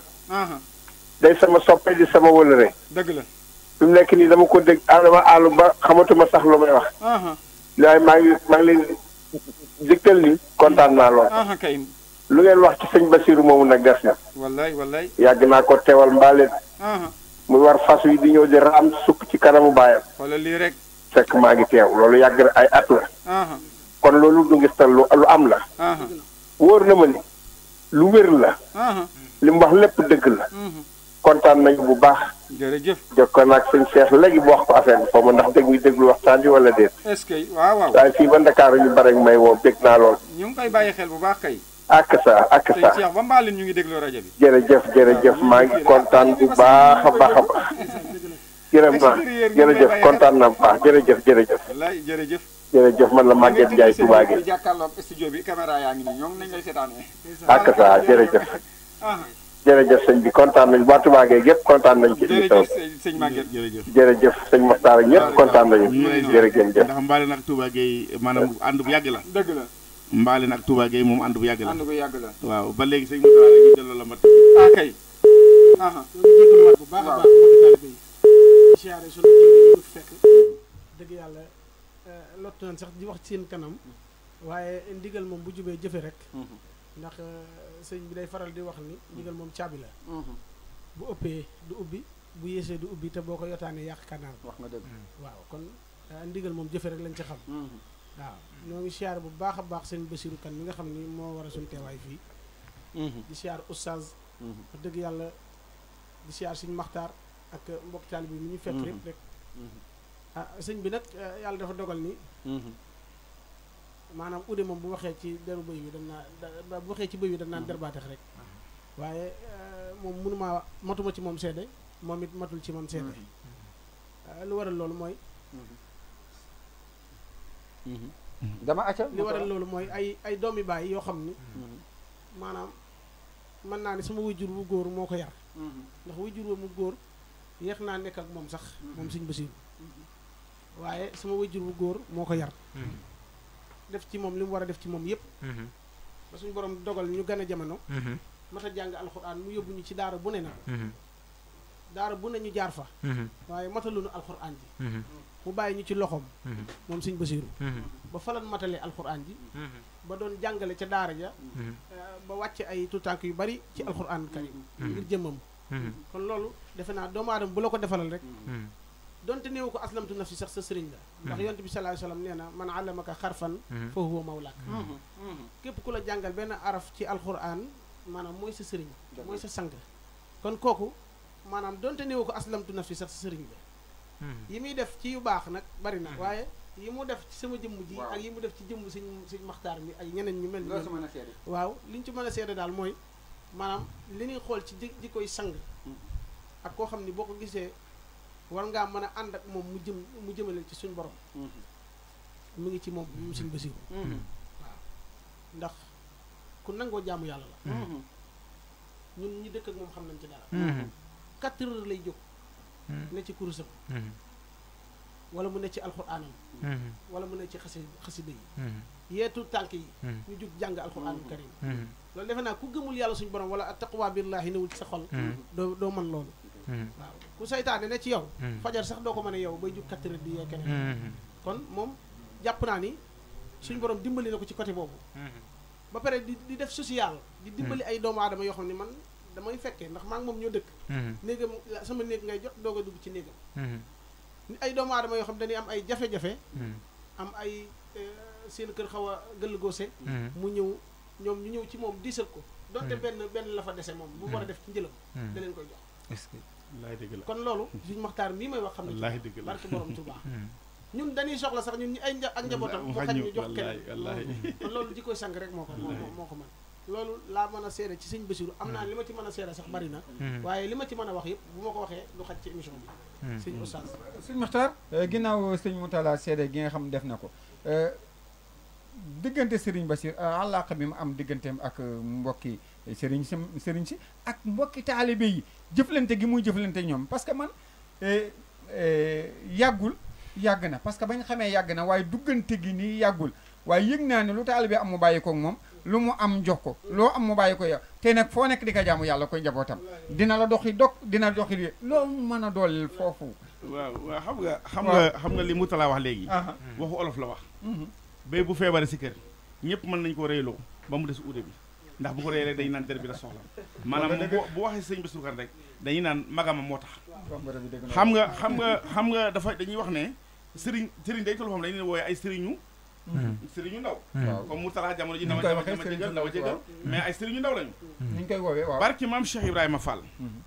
day sama soppe di sama wëlëre. dëgg la. fi mu nekk nii dama ko dégg dama àllu ba xamatuma sax lu may wax. waaye maa ngi maa ngi leen dégtal ni kontaan naa lool. lu ngeen wax ci sëñ Basiru moomu nag des na. wallaay wallaay. yàgg naa ko teewal mbaaleen. mu war fas wi di ñëw di ram sukk ci kanamu baayam wala li rek fekk maa ngi teew loolu yàgg ay at la kon loolu du ngis tan lu lu am la wóor na ma ni lu wér la li mu wax lépp dëgg la kontaan nañu bu baax jërëjëf jokkoon ak sëñ Cheikh léegi bu wax ko affaire bi xaw ma ndax déglu déglu waxtaan bi wala déet est ce que waaw waaw waaye fii ba Dakar ñu bare may woo bég naa lool ñu ngi koy bàyyi xel bu baax kay ak sa ak sa cheikh ba mbalin ñu ngi déglu rajo bi jërëjëf jërëjëf maa ngi kontaan bu baax a baax a baax jërëjëf jërëjëf kontaan na baax jërëjëf jërëjëf jërëjëf jërëjëf man la Maguette Ndiaye Touba gi jàkkaarloog studio bi caméra yaa ngi ni ñoom nañ lay seetaanee ak sa jërëjëf ah. jërëjëf sëñ bi kontaan nañ waa Touba gi yëpp kontaan nañ ci émission sëñ Maguette jërëjëf jërëjëf sëñ Mokhtar ñëpp kontaan nañu jërëjëf ndax mbaale nag Touba gi maanaam ànd bu la dëgg la mbale nak touba gay mom andu bu yag la andu bu yag la waaw ba legi seigne moussa la ngi jël la mat ah kay aha ah. ñu jëgël wat bu baax baax mo talibé yi siaré sunu ci ñu fekk deug yalla euh lot sax di wax seen kanam waye ndigal mom bu jubé jëfé rek ndax eh, seigne bi day faral di wax ni ndigal mom ciabi la bu uppé du ubbi bu yéssé du ubbi té boko yotané yak kanam wax nga deug waaw kon eh, ndigal mom jëfé rek lañ ci xam hmm. waaw ñoo ngi siyaar bu baax a baax seen Basiru Kan mi nga xam ni moo war a suñu fii mhm. di siyaar oustaz mhm. dëgg yàlla di siyaar suñu maxtaar ak mbokk taal bi mu ñu fekk mhm. rek ah sëñ bi nag eh, yàlla dafa dogal ni maanaam ude moom bu waxee ci deru bëy bi dañ naa bu waxee ci bëy bi naan derbaatex rek waaye eh, moom mënumaa matuma ci moom seede moom it matul ci man seede eh, lu waral loolu mooy dama acca li waral loolu mooy ay ay doomi bàyyi yoo xam ni mm-hmm. maanaam mën naa ne sama wujjur wu góor moo ko yar mm-hmm. ndax wujjur wa mu góor yéex naa nekk ak moom sax mm-hmm. moom suñ basiiru waaye sama wujjur bu góor moo ko yar def ci moom li mu war a def ci moom yépp ba suñ borom dogal ñu gën a jamono a jàng alxuraan mu yóbbu ñu ci daara bu ne na daara bu ne ñu jaar fa waaye mataluñu alxuraan ji mu bàyyi ñu ci loxom mhm. moom sëñ Basiiru mhm. ba falan matale alxuraan ji mhm. ba doon jàngale ca daara ja eh, ba ay yu bari ci Alquran karim ngir jëmam kon loolu defe naa doomu aadama bu la ko defalal rek donte néew ko aslamtu nafsi sax sa sëriñ la ndax yonent bi sallallahu alayhi wasallam nee na man allamaka xarfan fa huwa mawlak képp ku la jàngal araf ci Alquran maanaam mooy sa sëriñ mooy sa sang kon kooku maanaam donte néew ko aslamtu nafsi sax sa sëriñ Mm-hmm. yi muy def ci yu baax nag bari na mm-hmm. waaye yi mu def ci sama jëmm ji ak yi mu def ci jëmm suñ suñ maxtaar mi ak ñeneen ñu mel ni waaw li ñu ci mën a seede daal mooy maanaam li xool ci ji koy sang mm-hmm. koo xam ni boo ko gisee war ngaa mën a ànd moom mu jëm mu jëmale ci suñ borom mu ngi ci moom moom suñ basiru ndax ku nangoo jaamu yàlla la ñun ñi dëkk ak moom xam nañ ci daal quatre heures lay jóg ne ci kurusam mm-hmm. wala mu ne ci alxuraan yi mm-hmm. wala mu ne ci xasi xasida yi mm-hmm. yeetu tànk yi ñu jóg jàng alxuraanul karim loolu defe naa ku gëmul yàlla suñu borom wala taqwa billahi newul ci sa xol doo doo mën loolu waaw ku saytaane ne ci yow fajar sax doo ko mën a yow bay jóg quatre heures di yee keneen kon moom jàpp naa ni suñ borom dimbali na ko ci côté boobu ba pare di di def social di dimbali ay doomu aadama yoo xam ne man damay fekkee ndax maa moom ñoo dëkk. Mhm. néegam sama néeg ngay jot doog ko dugg ci néegam. Mhm. ay doomu aadama yoo xam dañuy am ay jafe-jafe. Mhm. am ay euh, seen kër xaw a gëll goose. mu ñëw ñoom ñu ñëw ci moom diisal ko. donte benn benn la fa dese moom. bu war a def ci njëlam. da leen kon loolu. suñu maxtaar mii may wax xam ne. wallaahi dëgg la barke borom Tuubaa ñun dañuy soxla sax ñun ñu ay nja ak njabootam. mu xañ ñu jox kenn loolu ji koy sang rek moo ko moo ko mën. loolu laa mën a seede ci sëñ Basiru am naa hmm. li ma ci mën a seede sax bari na hmm. waaye li ma ci mën a wax yëpp bu ma ko waxee du xaj ci émission bi hmm. sëñ Oustaz sëñ Maxtaar euh, ginnaaw sëñ Moutala seede gi nga xam def na ko euh, diggante sëriñ Basiru euh, àllaaqa bi mu am digganteem ak mbokki sëriñ si sëriñ si ak mbokki taalibe yi jëflante gi muy jëflante ñoom parce que man yàggul yàgg na parce que bañ xamee yàgg na waaye duggante gi nii yàggul waaye yëg naa ne lu taalibe am mu bàyyi koog moom lu mu am jox ko loo am mu bàyyi ko yow te nag foo nekk di ko jaamu yàlla koy njabootam dina la dox yi dog dina doxi lii loo mën a dooleel foofu waaw waaw xam nga xam nga xam nga li mu talaa wax léegi waxu olof la wax mhm. béy bu feebare si kër ñëpp mën nañ ko reyloo ba mu des uude bi ndax bu ko reelee dañu naan der bi la soxla maanaam bu waxee sëñ Bassirou Kane rek dañuy naan magama moo tax xam nga xam nga xam nga dafa dañuy wax ne sëriñ sëriñ day tollu fam dañu ne wooye ay sëriñu Mm. sëriñu ndaw mm. comme Mourtala jamono ji ndaw dama jégal ndaw jégal mais ay sëriñu ndaw lañu mm. ñu koy woowee waaw barki maam Cheikh Ibrahima Fall mm-hmm.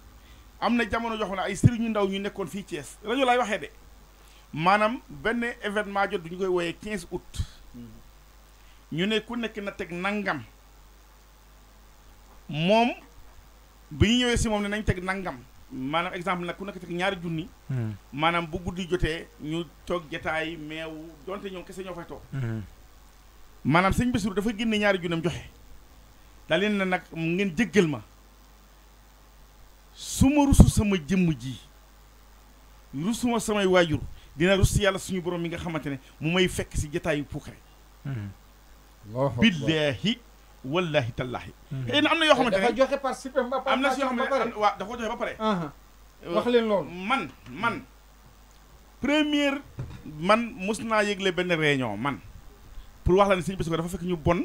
am na jamono jox na ay sëriñu ndaw ñu nekkoon fii Thiès rajo lay waxee de maanaam benn événement jot duñu koy wooyee 15 août mm-hmm. ñu ne ku nekk na teg nangam moom bi ñu ñëwee si moom ne nañ teg nangam maanaam exemple nag ku nekk ci ñaari junni. Hmm. maanaam bu guddi jotee ñu toog jataay meew donte ñoom kese ñoo fay toog. Hmm. maanaam sëñ Bassirou dafa génne ñaari junnam joxe. daa leen na nag ngeen jéggal ma su ma rusu sama jëmm ji rusuma samay waajur dina rus yàlla suñu borom yi nga xamante ne mu may fekk si jataayu puukare. Hmm. billaahi wallahi tallahi mhm. eh am na yoo xamante ne dafa joxe participer ba pare amna yo xamantene wa dafa joxe ba pare wax len loolu euh, man man premier man musna yegle ben benn réunion man pour wax la ne sëñ Bassirou dafa fek ñu bon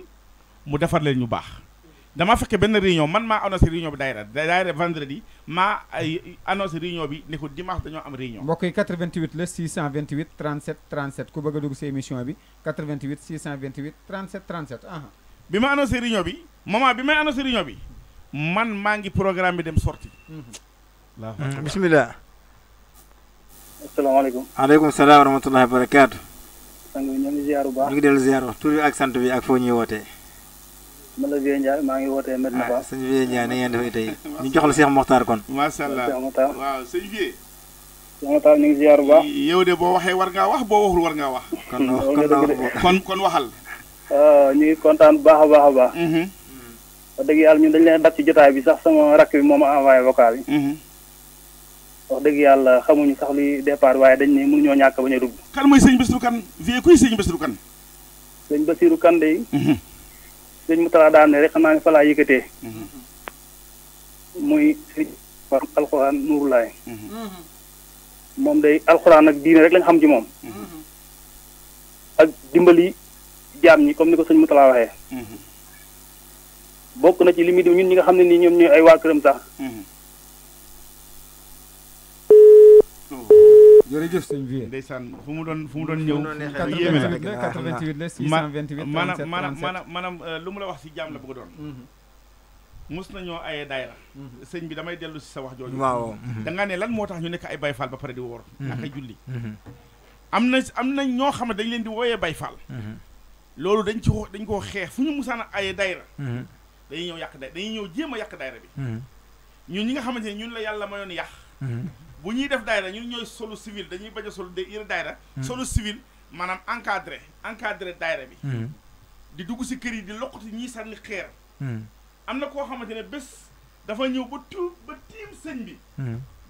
mu defar len ñu bax dama fekke ben réunion man ma annoncé réunion bi daayira daayira vendredi ma annoncé réunion bi ne ko dimanche dañu am réunion. mbokk 88 le 628 37 37 ku bëgg dug ci émission bi 88 628 37 37 bi ma annoncé réunion bi moment bi may annoncé réunion bi man maa ngi programme bi dem sorti mm-hmm. bismillah Assalamualaikum. aleykum salaam wa rahmatullahi wa barakaatu sang bi ñu ngi ziar bu baax ñu ngi dellu ziar wax tur bi ak sant bi ak foo ñuy wootee man la Ndiaye maa ngi wootee Medina Ba ah, sëñ Vieux Ndiaye na ngeen dafay tey ñu jox la Cheikh Mokhtar kon macha allah Cheikh Mokhtar waaw sëñ Vieux Cheikh Mokhtar ñu ngi ziar bu yow de boo waxee war ngaa wax boo waxul war ngaa wax kon kon kon waxal Euh, ñu kontaan bu baax a baax a baax. Mm-hmm. wax dëgg yàlla ñun dañ leen dab ci jotaay bi sax sama rakk bi moom a envoyé vocal yi. Mm-hmm. wax dëgg yàlla xamuñu sax luy départ waaye dañ ne mënuñoo ñàkk bañ a dugg. kan mooy sëñ Bassirou Kane vie kuy sëñ Bassirou Kane. sëñ Bassirou Kane de. Mm-hmm. sëñ rek xam naa ne fa laa yëkkatee. muy sëñ war alxuraan nuurulaay. moom day alxuraan ak diine rek lañ xam ci moom. ak dimbali. jam ni comme ni ko sëñ Moutala hmm bokku na ci limi ñun ñi nga xamne ni ñom ñoy ay wa kërëm sax mhm. oh. jërëjëf sëñ bi ndeysaan fu mu don fu mu doon ñëw yéeme 88 628 euh, lu mu la wax si jaam la bëgg doon mus mhm. nañoo ayee daayra mhm. bi damay sa wax waaw da nga ne lan loolu dañ ci dañ koo xeex fu ñu musaan ay dayra mhm. dañuy ñëw yàq day dañuy ñëw jéem a yàq dayra bi mhm. ñu ñi nga xamante ne ñun la yàlla mayoon yàq mhm. bu ñuy def dayra ñun ñooy solu civil dañuy bañ a solu de yëre dayra solu civil maanaam encadré encadré dayra bi di dugg si kër yi di loqati ñiy sànni xeer am na koo xamante ne bés dafa ñëw ba tiim sëñ bi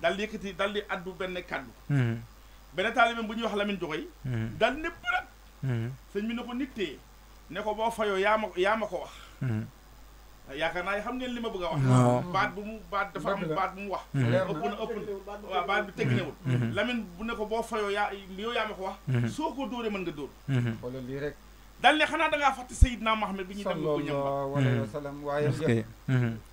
daal di yëkkati dal di addu benn kàddu benn taalibe bu ñuy wax Lamine Jogoy daal ne Hmm. sëñ bi ne ko nit ne ko boo fayoo yaa ma yaa ma ko wax hmm. yaakaar naa xam ngeen li ma bëgg a wax baat bu mu baat dafa am baat bu mu wax hmm. ëpp na ëpp na waaw baat bi teg newul Lamine bu ne ko boo fayoo yaa yow ma ko wax soo ko dóoree mën nga dóor wala lii dal ne xanaa dangaa fàtte Seydina Mohamed bi ñuy dem ko ñëw sallallahu alayhi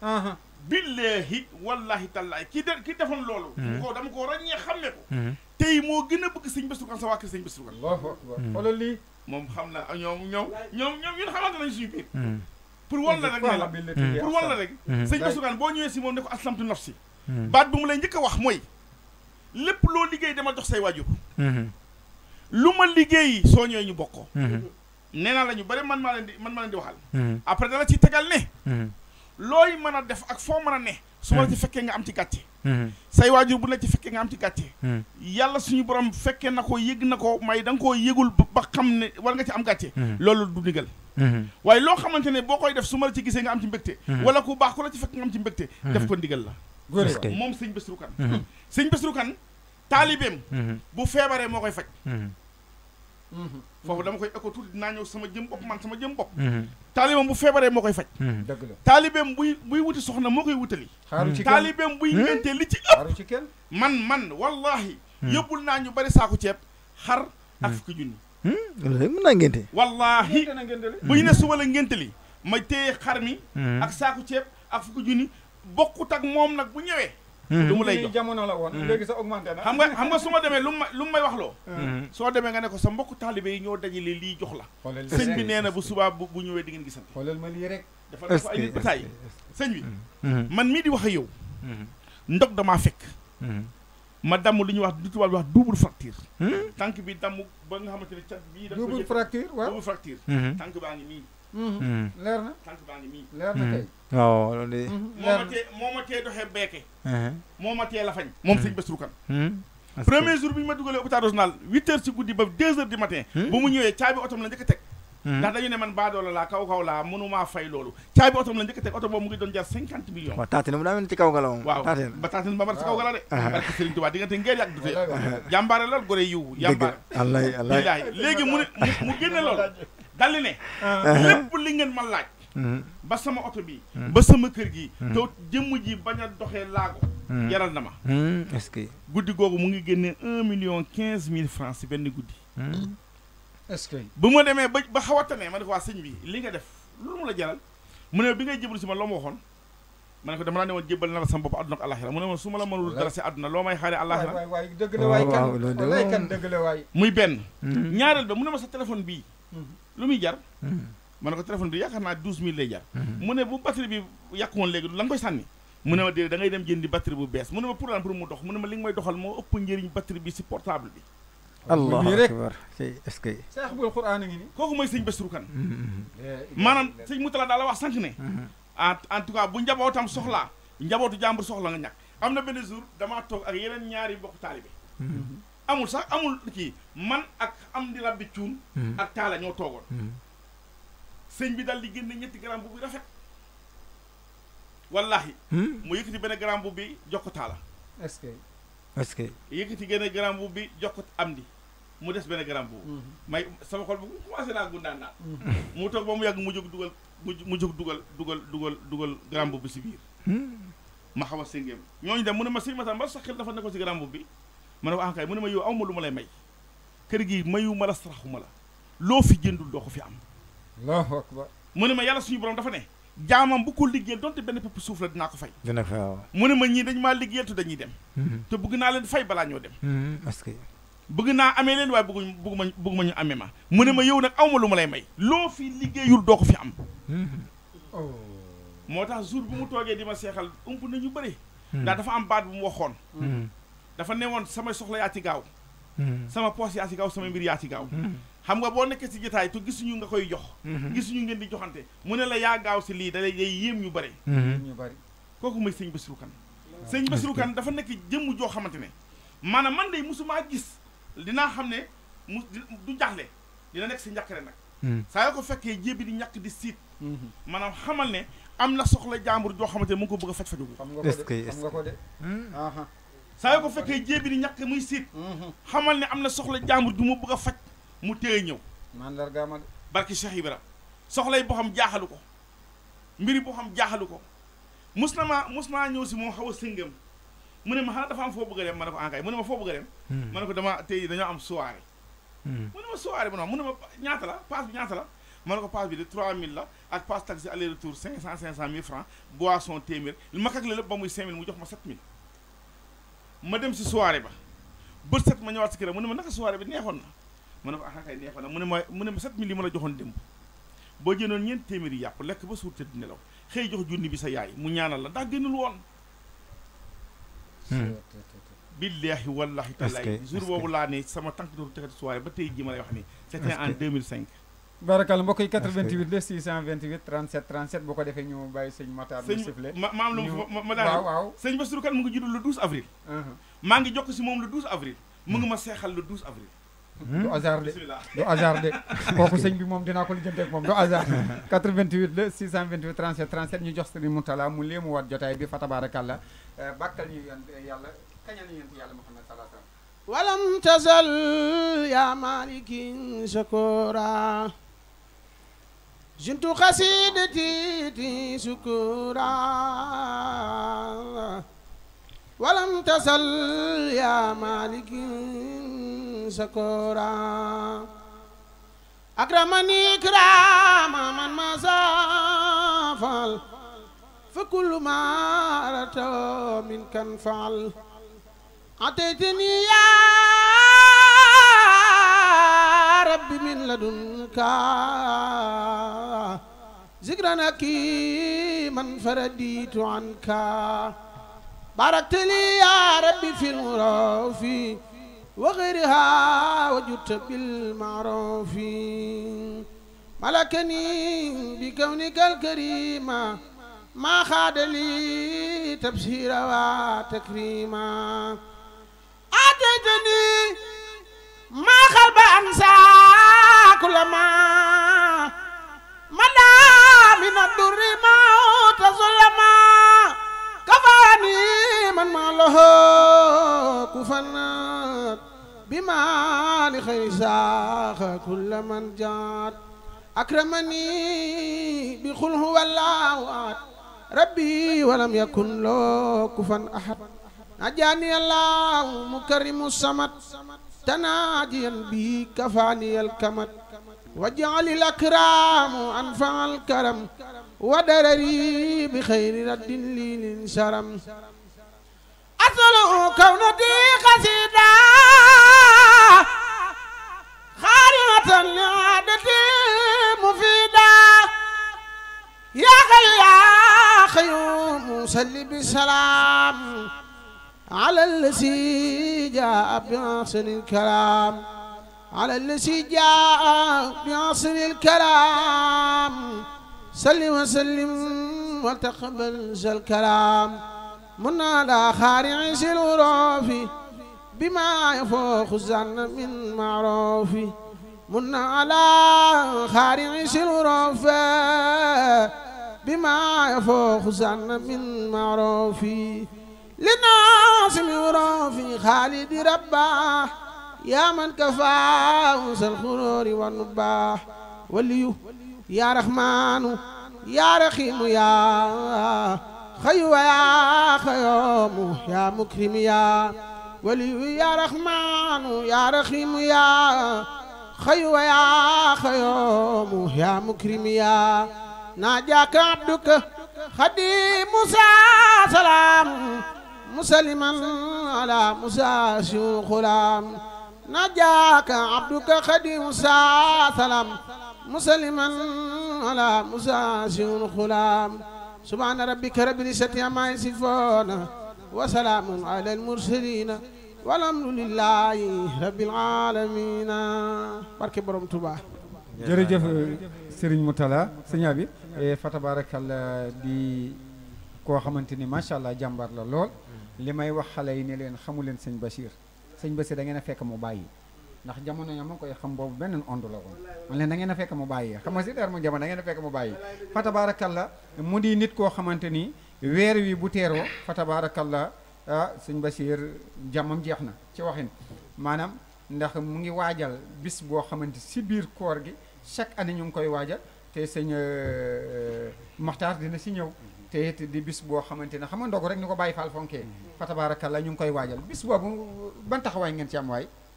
wa sallam waaye billahi wallahi tallahi ki de ki defoon loolu. Hmm. mu ko dama ko ràññee xam ne hmm. tey moo gën a bëgg sëñ Bassirou Kane sa waa kër sëñ Bassirou Kane. waaw hmm. moom xam naa ñoom ñoom ñoom ñoom ñun xamante nañ suñu biir. pour wan la rek ne la pour wan la rek. sëñ Bassirou Kane boo ñëwee si moom ne ko aslamtu si baat bu mu lay njëkk a wax mooy lépp loo liggéey dama jox say waajur. lu ma liggéey soo ñëwee ñu bokkoo. nee naa la ñu bëri man maa leen di man maa leen di waxal. après dala ci tegal ne. looy mën a def ak foo mën a ne su ma la ci hmm. fekkee nga am ci gàcce hmm. say waajur bu la ci fekkee nga am ci gàcce hmm. yàlla suñu borom fekkee na ko yëg na ko may danga nga koo yëgul ba xam ne war nga ci am gàcce loolu du ndigal waaye loo xamante ne boo koy def su ma la ci gisee nga am ci mbégte wala ko baax ku la ci fekk nga am ci mbégte def ko ndigal la moom sëñ Bassirou Kane sëñ Bassirou Kane taalibeem bu feebaree moo koy faj Mhm. foofu dama koy eko tuuti dinaa ñëw sama jëm bopp man sama jëm bopp mhm. taalibeem bu feebaree moo koy faj mhm. dëgg la taalibeem buy buy wuti soxna moo koy wutali taalibeem buy ngentee hmm? li ci ëpp man man wallahi hmm. yóbbul naa ñu bari saaku ceeb xar ak hmm. fukki junni mën naa ngente wallahi bu ñu ne suba la ngente li ma téye xar mi ak saaku ceeb ak fukki junni bokkut ak moom nag bu ñëwee lu mm-hmm. mu lay jox jamono la woon mm-hmm. léegi sa augmenté na xam nga xam nga su ma demee lu mu lu may wax loo mm-hmm. soo demee nga ne ko sa mbokk taalibe yi ñoo dajale lii jox la sëñ bi neena na bu subaa bu ñëwee di ngeen gisante xoolal ma lii rek dafa dafa ay nit bataay sëñ bi man mii di wax ak yow ndog damaa fekk ma damm lu ñuy wax du tubaab di wax tànk bi damm ba nga xamante ne cat bii double fracture waaw double fracture tànk baa ngi nii leer na waaw loolu de. Mhm. moo ma tee moo ma tee doxee beeke. Uh-huh. moo ma tee la fañ. moom sëñ Bassirou Kane. Hmm? premier jour bi ñu ma dugalee hôpital régional huit heures ci guddi ba deux heures du matin. Hmm? ba mu ñëwee caabi otom la njëkk a teg. Hmm? ndax dañu ne man baadoola laa kaw kaw laa mënumaa fay loolu caabi otom la njëkk teg oto boobu mu ngi doon jar cinquante millions. waaw taatine mu daa mel ci kaw ga la moom. waaw ba taatine ba mar ci kaw ga la de. Uh-huh. barke Serigne uh-huh. Touba li ngeen ma laaj ba sama oto bi hmm. ba sama kër gi hmm. te jëmm ji baña doxé lago hmm. yaral jaral na ma est-ce que guddi googu mu ngi génne 1 million quinze mille francs ci benn goudi est-ce que bu ma demee ba ba xaw man ko wa sëñ bi li nga def loolu mu la jaral mu né bi ngay jëbal ci ma loo ma man ko dama la néwon woon na sama bop aduna ak alakhirah mu né ma su la mënul dara ci aduna lo may xari alakhirah way way deug la way kan waay kan deug la kan way muy ben ñaaral ba mu né ma sa téléphone bi lu muy jar ma ko téléphone bi yaakaar naa douze mille lay jar mhm. mu ne bu batterie bi yàquwoon léegi la nga koy sànni mu ne ma déedéet da ngay dem jëndi batterie bu bees mu ne ma pour lan pour mu dox mu ne ma li nga may doxal moo ëpp njëriñ batterie bi si portable bi allah akbar est-ce que saaxibul quraan Qur'an ngi ni kooku mooy sëñ Bassirou kan. maanaam sëñ Moutala daal la wax sànq ne en tout cas bu njabootam soxlaa njabootu jàmbur soxla nga ñàkk am na benn jour dama toog ak yeneen ñaari mbokk taalibe amul sax amul kii man ak am di rabbi cuun ak taala ñoo toogoon sëñ bi daal di génne ñetti grand bu bi rafet wallahi hmm? mu yëkkati benn grand bu bi jox ko taala est-ce que est-ce que yëkkati benn grand bu bi jox am di mu des benn grand bu hmm. may sama xol bu commencé naa gundaan naa hmm. mu toog ba mu yàgg mu jóg dugal mu jóg dugal dugal dugal dugal grand bu bi si biir ma xaw a séngeem ñooñu dem mu ne ma sëñ Massamba sa xel dafa nekkoon si grand bu bi ma ne ko ah mu ne ma yow aw lu ma lay may kër gi mayu ma la saraxu la loo fi jëndul doo ko fi am allahu akbar mu ne ma yàlla suñu borom dafa ne jaamam bu ko liggéey donte benn pepp suuf la dinaa ko fay dina mu ne ma ñii dañ maa liggéeyatu dañuy dem mm-hmm. te bëgg naa leen fay balaa ñoo dem parce mm-hmm. que bëgg naa amee leen waaye bëgguñ bëggu ma bëggu ma ñu amee ma mu ne ma yow nag awma lu ma lay may loo fi liggéeyul doo ko fi am mm-hmm. oh. moo tax jour bu mu toogee di ma seexal ump na ñu bëri ndax dafa am baat bu mu waxoon dafa ne woon sama soxla yaa ci gaaw sama poos yaa ci gaaw sama mbir yaa ci gaaw xam nga boo nekkee si jotaay te gisuñu nga koy jox mhm. gisuñu ngeen di joxante mu ne la yaa gaaw si lii dalay day yéem ñu bëri mhm. ñu bëri kooku mooy sëñ Bassirou Kane sëñ Bassirou Kane dafa nekk jëmm joo xamante ne maanaam man de mosumaa gis dinaa xam ne mu du jaxle dina nekk si njàkkare nag mhm. saa yoo ko fekkee jébi di ñàkk di siit maanaam xamal ne am na soxla jàmbur joo xamante ne ko bëgg a faj fajugu nga ko de saa yoo ko fekkee jébi di ñàkk muy siit xamal ne am na soxla jàmbur ju mu bëgg a faj mu téye ñëw. mandarga ma de. barki Cheikh Ibra soxlay boo xam jaaxalu ko mbiri boo xam jaaxalu ko mus na mu mus naa ñëw si moom xaw a sëngam mu ne ma xanaa dafa a dem ah, hmm. ma ne ko dama tey dañoo am soirée. Hmm. mu ne ñaata la paas bi ñaata la. ma ne ko paas bi de mille la ak paas taxi aller retour 500 500 mille francs boisson téeméer li ma kàgg la lépp ba muy 5000 mu jox ma 7000. ma dem si soirée ba bët set ma ñëwaat si këram mu ne ma naka soirée bi neexoon na. mu ne ko ah kay neex na mu ma ne ma ma boo jëndoon ñeent téeméeri yàpp lekk ba suur tëdd nelaw xëy jox junni bi sa yaay mu ñaanal la ndax gënul woon. Hmm. billaahi wallaahi tallaay jour boobu laa ne sama tànk dootu tekkati soirée ba tey jii ma lay wax ni c'était en 2005. barakal mbokk yi 88 la 628 37 37 boo ko defee ñu bàyyi sëñ Matar mu sifle ma am lu ma ma daal waaw sëñ Bassirou Kane mu ngi judd le avril. Uh-huh. maa ngi jokk si moom le 12 avril. mu ngi hmm. ma seexal le 12 avril. Hmm? do hasard de du hasard de kooku sëñ bi moom dinaa ko lijjante ak moom du hasard 88 la 628 37 37 ñu jox sëriñ Moutala mu léemu waat jotaay bi fa tabarakallah euh, bàkkal ñu yoon yàlla kañal ñu yonti yàlla Muhammad sallallahu alayhi wasallam walam tazal ya malikin sukura walam tasal yaa malikin sakora akramani ikrama man masafal fa kullu ma arata min kan faal ataytani ya rabbi min ladunka zikran hakiman faraditu anka بارك لي يا ربي في الغراف وغيرها وجدت بالمعروف ملكني بكونك الكريم ما خاد لي تبشيرا وتكريما أتيتني ما خلب أنسى كل ما مدى من الدر ما تظلم أفاني من ما كفنا بما لخير ساخ كل من جات أكرمني بقل هو الله ربي ولم يكن له كفا أحد نجاني الله مكرم السمت تناجيا بي كفاني الكمت وجعل الأكرام أنفع الكرم ودرري بخير رد لي للشرم كون كونتي قصيدة خارمة لعادتي مفيدة يا يا خيوم صل بسلام على الذي جاء بعصر الكلام على الذي جاء بعصر الكلام سلم وسلم وتقبل الكلام الكلام منادى خارع الوروف بما يفوق الزن من معروف من على خارع الوروف بما يفوق الزن من معروف لناصم وروف خالد رباه يا من كفاه الخرور والنباح وليو يا رحمن يا رحيم يا خيو يا خيوم يا مكرم يا ولي يا رحمن يا رحيم يا خيو يا خيوم يا مكرم يا ناجاك عبدك خدي موسى سلام مسلما على موسى شيوخ غلام ناجاك عبدك خدي موسى سلام مسلما على مزازون خلام سبحان ربك رب العزة عما يصفون وسلام على المرسلين والامر لله رب العالمين بارك بروم توبا جريجف سيرن متلا سنيابي إيه، فتبارك الله دي كو خامتيني ما شاء الله جامبار لا لول لي ماي واخ خالي ني لين خامولين سيغ بشير سيغ بشير دا نغي فك مو بايي ndax jamono ya ma koy xam boobu beneen onde la woon man leen da ngeen a fekk mu bàyyi ya. xam nga si der mu jamono da ngeen a fekk mu bàyyi fa tabaarakalla mu di nit koo xamante ni weer wi bu teeroo fa tabaarakalla ah sëñ Basiir jàmmam jeex na ci waxin maanaam ndax mu ngi bis boo xamante si biir koor gi chaque année ñu ngi koy waajal te sëñ euh, Maxtaar dina si ñëw te di bis boo xamante ne xam nga ndogu rek ni ko bàyyi faal fonkee fa tabaarakalla ñu ngi koy bis boobu ban taxawaay ngeen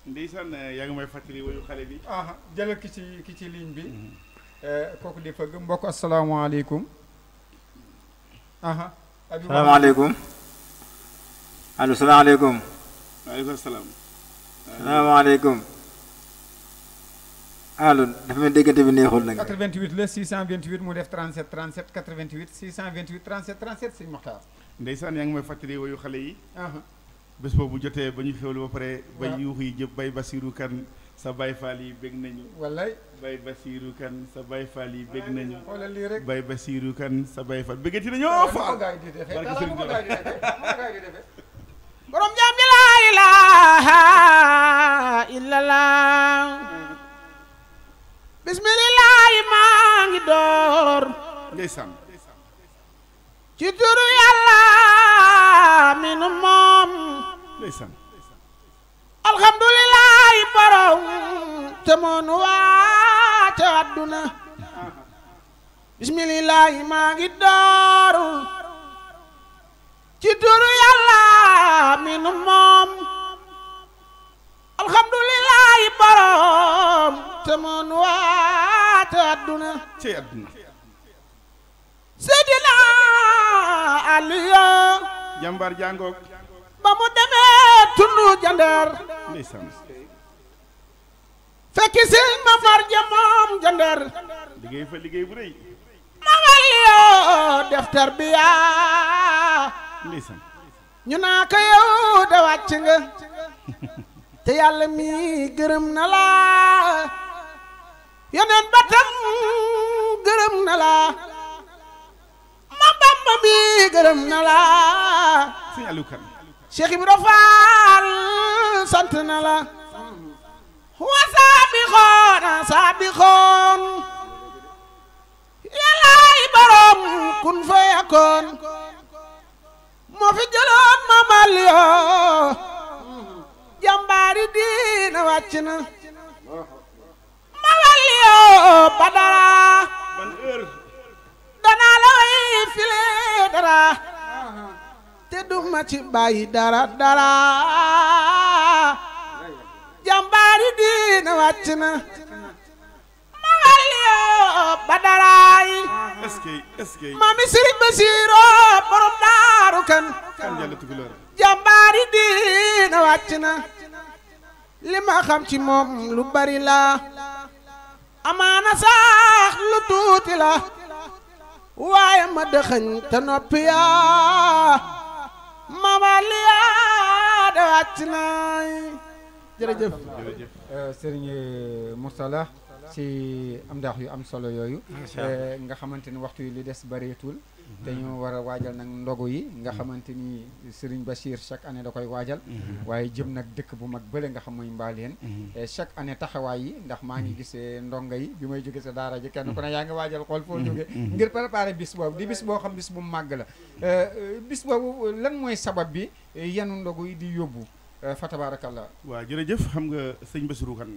ndeysaan eh, yaa ngi may fàttali wayu xale bi. ah jëlal ki ci ki ci ligne bi. Mhm. Eh, kooku di fëgg mbokk asalaamaaleykum. aha ah. salaamaaleykum. allo salaamaaleykum. waaleykum salaam. salaamaaleykum. allo dafa mel déggante bi neexul nag. 88 la 628 mu def 37 37 88 628 37 37 sëñ Moxtaar. ndeysaan yaa ngi may fàttali wayu xale yi. Ah, ah. bes bobu jotee bañu ñu xewlu ba paré bay yuux yi jëp bay basiru kan sa bay fali yi nañu. wallay bay basiru kan sa bay fali yi nañu. bay basiru kan sa bay faal béggati nañoo faal. barke sëriñ bi borom jam bi ilaha illa illallah. bismillah ma ngi dor ndaysan ci turu yalla mi mom ndeysaan alxamdulillaahi borom te moonu waate àdduna bismillaahi maa ngi dooru ci turu yàlla mi nu moom alxamdulillaahi borom te moonu waate àdduna ci àdduna seydina aliya jàmbar jàngoog ba mu demee fekki si ma far ja moom jandeer liggéey fa liggéey bu rëy ma wal yoo def tarbiya ñu naa ko yow de nga te yàlla mi gërëm na la yeneen ba gërëm na la ma bamba mi gërëm na la Cheikh Ibra sant na la wa saabixoona saabixoon yàllaay borom kun fa yakoon moo fi jëloon mamal yoo jàmbaari diina wàcc na mamal yoo badara danaa la way file dara te duma ci bàyyi dara dara jàmbaari diina wàcc na ma walliyoo ba daraay maami sëriñ Basiiroo borom daaru kan jàmbaari diina wàcc na li ma xam ci moom lu bari la amaana sax lu tuuti la waaye ma dëxëñ te noppi mama liyaada wàcc naay jërëjëf jërëjëf euh, sëriñ Mursala ci am daax yu am solo yoyu nga xamanteni waxtu yi li des bareetul mhm. tul, wara wajal nang waajal nag ndogu yi nga mhm. xamanteni Serigne Bachir chaque année da koy wajal mhm. waye jëm nak dekk bu mag beul nga xam moy mbalen chaque année taxaway yi ndax ma ngi gisse ndongo yi bi may jóge sa dara ji kenn ko na ya nga wajal xol fo ngir préparer bis di bis bo xam bis bu mag la euh, euh, bis lan moy sabab bi yanu ndogu yi di yobbu euh, fa tabarakallah waaw jërëjëf xam nga serigne Bassirou kan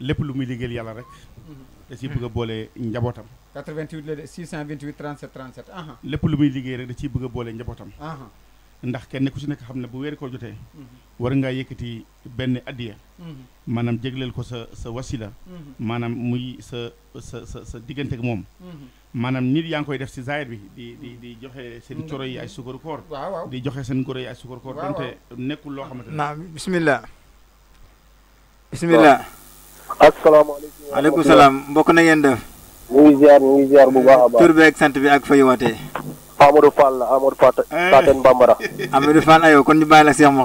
lépp lu muy liggéeyal yàlla rek. Mm-hmm. da ciy bëgg a boole njabootam. 88 la de 628 37 37. lépp lu muy liggéey rek da ciy bëgg a boole njabootam. ndax kenn ku ci nekk xam ne bu weer koo jotee. Mm-hmm. war ngaa yëkkati benn addiya. Mm-hmm. maanaam jégleel ko sa sa wasila. maanaam muy sa sa sa sa diggante ak moom. maanaam nit yaa ngi koy def ci zaayir bi di di di joxe seen coro yi ay sukkur koor. di joxe seen goro yi ay sukkur koor. waaw donte nekkul loo xamante ne. naam bismillah. bismillah. asalaamaaleykum. waaleykum salaam mbokk na ngeen def. ñu ngi ziar ñu ngi ziar bu baax a baax. tur beeg sant bi ak fay wootee. Amadou Fall la Amadou Fatou eh. Faten Bambara. Amadou Fall ayoo kon ñu bàyyi la Cheikh ah,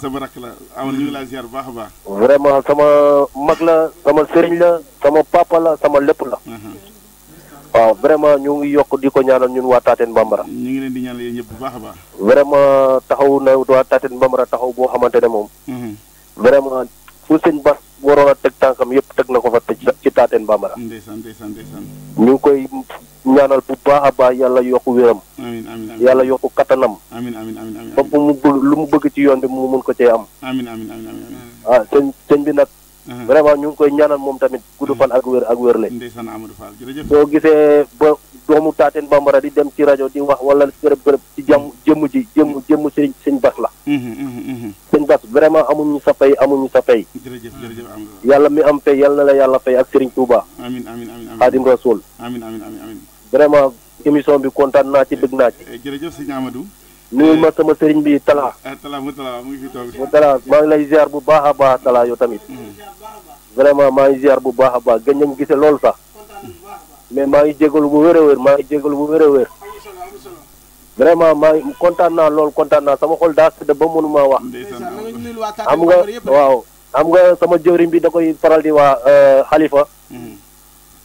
sama rakk la a baax. vraiment sama mag la sama sëriñ la sama papa la sama lépp la. waaw mhm. ah, vraiment ñu ngi yokk di ko ñaanal ñun waa Taten Bambara. ñu ngi leen di ñaanal yéen ñëpp bu baax a baax. vraiment taxaw na waa Taten Bambara taxaw boo xamante ne moom. Mhm. vraiment fu sëñ Bas waroon a teg tànkam yëpp teg na ko fa teg ci taateen bambara. ndeysaan ndeysaan ñu ngi koy ñaanal bu baax a baax yàlla yokk wéram. amiin amiin amiin yàlla yokk kattanam. amiin mu bëgg lu mu bëgg ci yoon bi mu mun ko cee am. amiin amiin amiin amiin. ah sëñ sëñ bi nag. vraiment ñu ngi koy ñaanal moom tamit gudd fan ak wér ak wér le. soo gisee ba. doomu taateen bambara di dem ci rajo di wax wala bërëb bërëb ci jàmm mm-hmm. jëmm ji jëmm jëmm sëñ sëñ bas la mm-hmm, mm-hmm, sëñ bas vraiment amuñu sa fay amuñu sa fay jërëjëf jërëjëf am yàlla mi am fay yàlla na la yàlla fay ak sëriñ Touba amiin amiin amiin Xaadim Rasul amiin amiin vraiment émission bi kontaan naa ci bëgg naa ci eh, jërëjëf sëñ Amadou nuyul eh. ma sama sëriñ bi Talla eh, Talla mu Talla mu ngi fi toog mu Talla maa ngi lay ziar bu baax a baax Talla yow tamit vraiment maa ngi ziar bu baax a baax gën nañ gise loolu sax mais maa ngi jégalu bu wér a wér maa ngi jégalu bu wér a wér vraiment maa ngi kontaan naa lool kontaan naa sama xol daa sedd ba mënuma wax am nga waaw am nga sama jëwriñ bi da koy faral di waa xalifa euh, mm-hmm.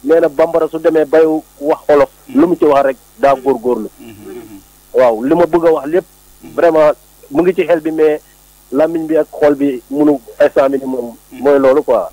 nee na bambara su demee bay wax olof lu mu ci wax rek daa mm-hmm. góorgóorlu mm-hmm. waaw li ma bëgg a wax lépp vraiment mu ngi ci xel bi mais làmmiñ bi ak xol bi munu instant bi ni moom mooy loolu quoi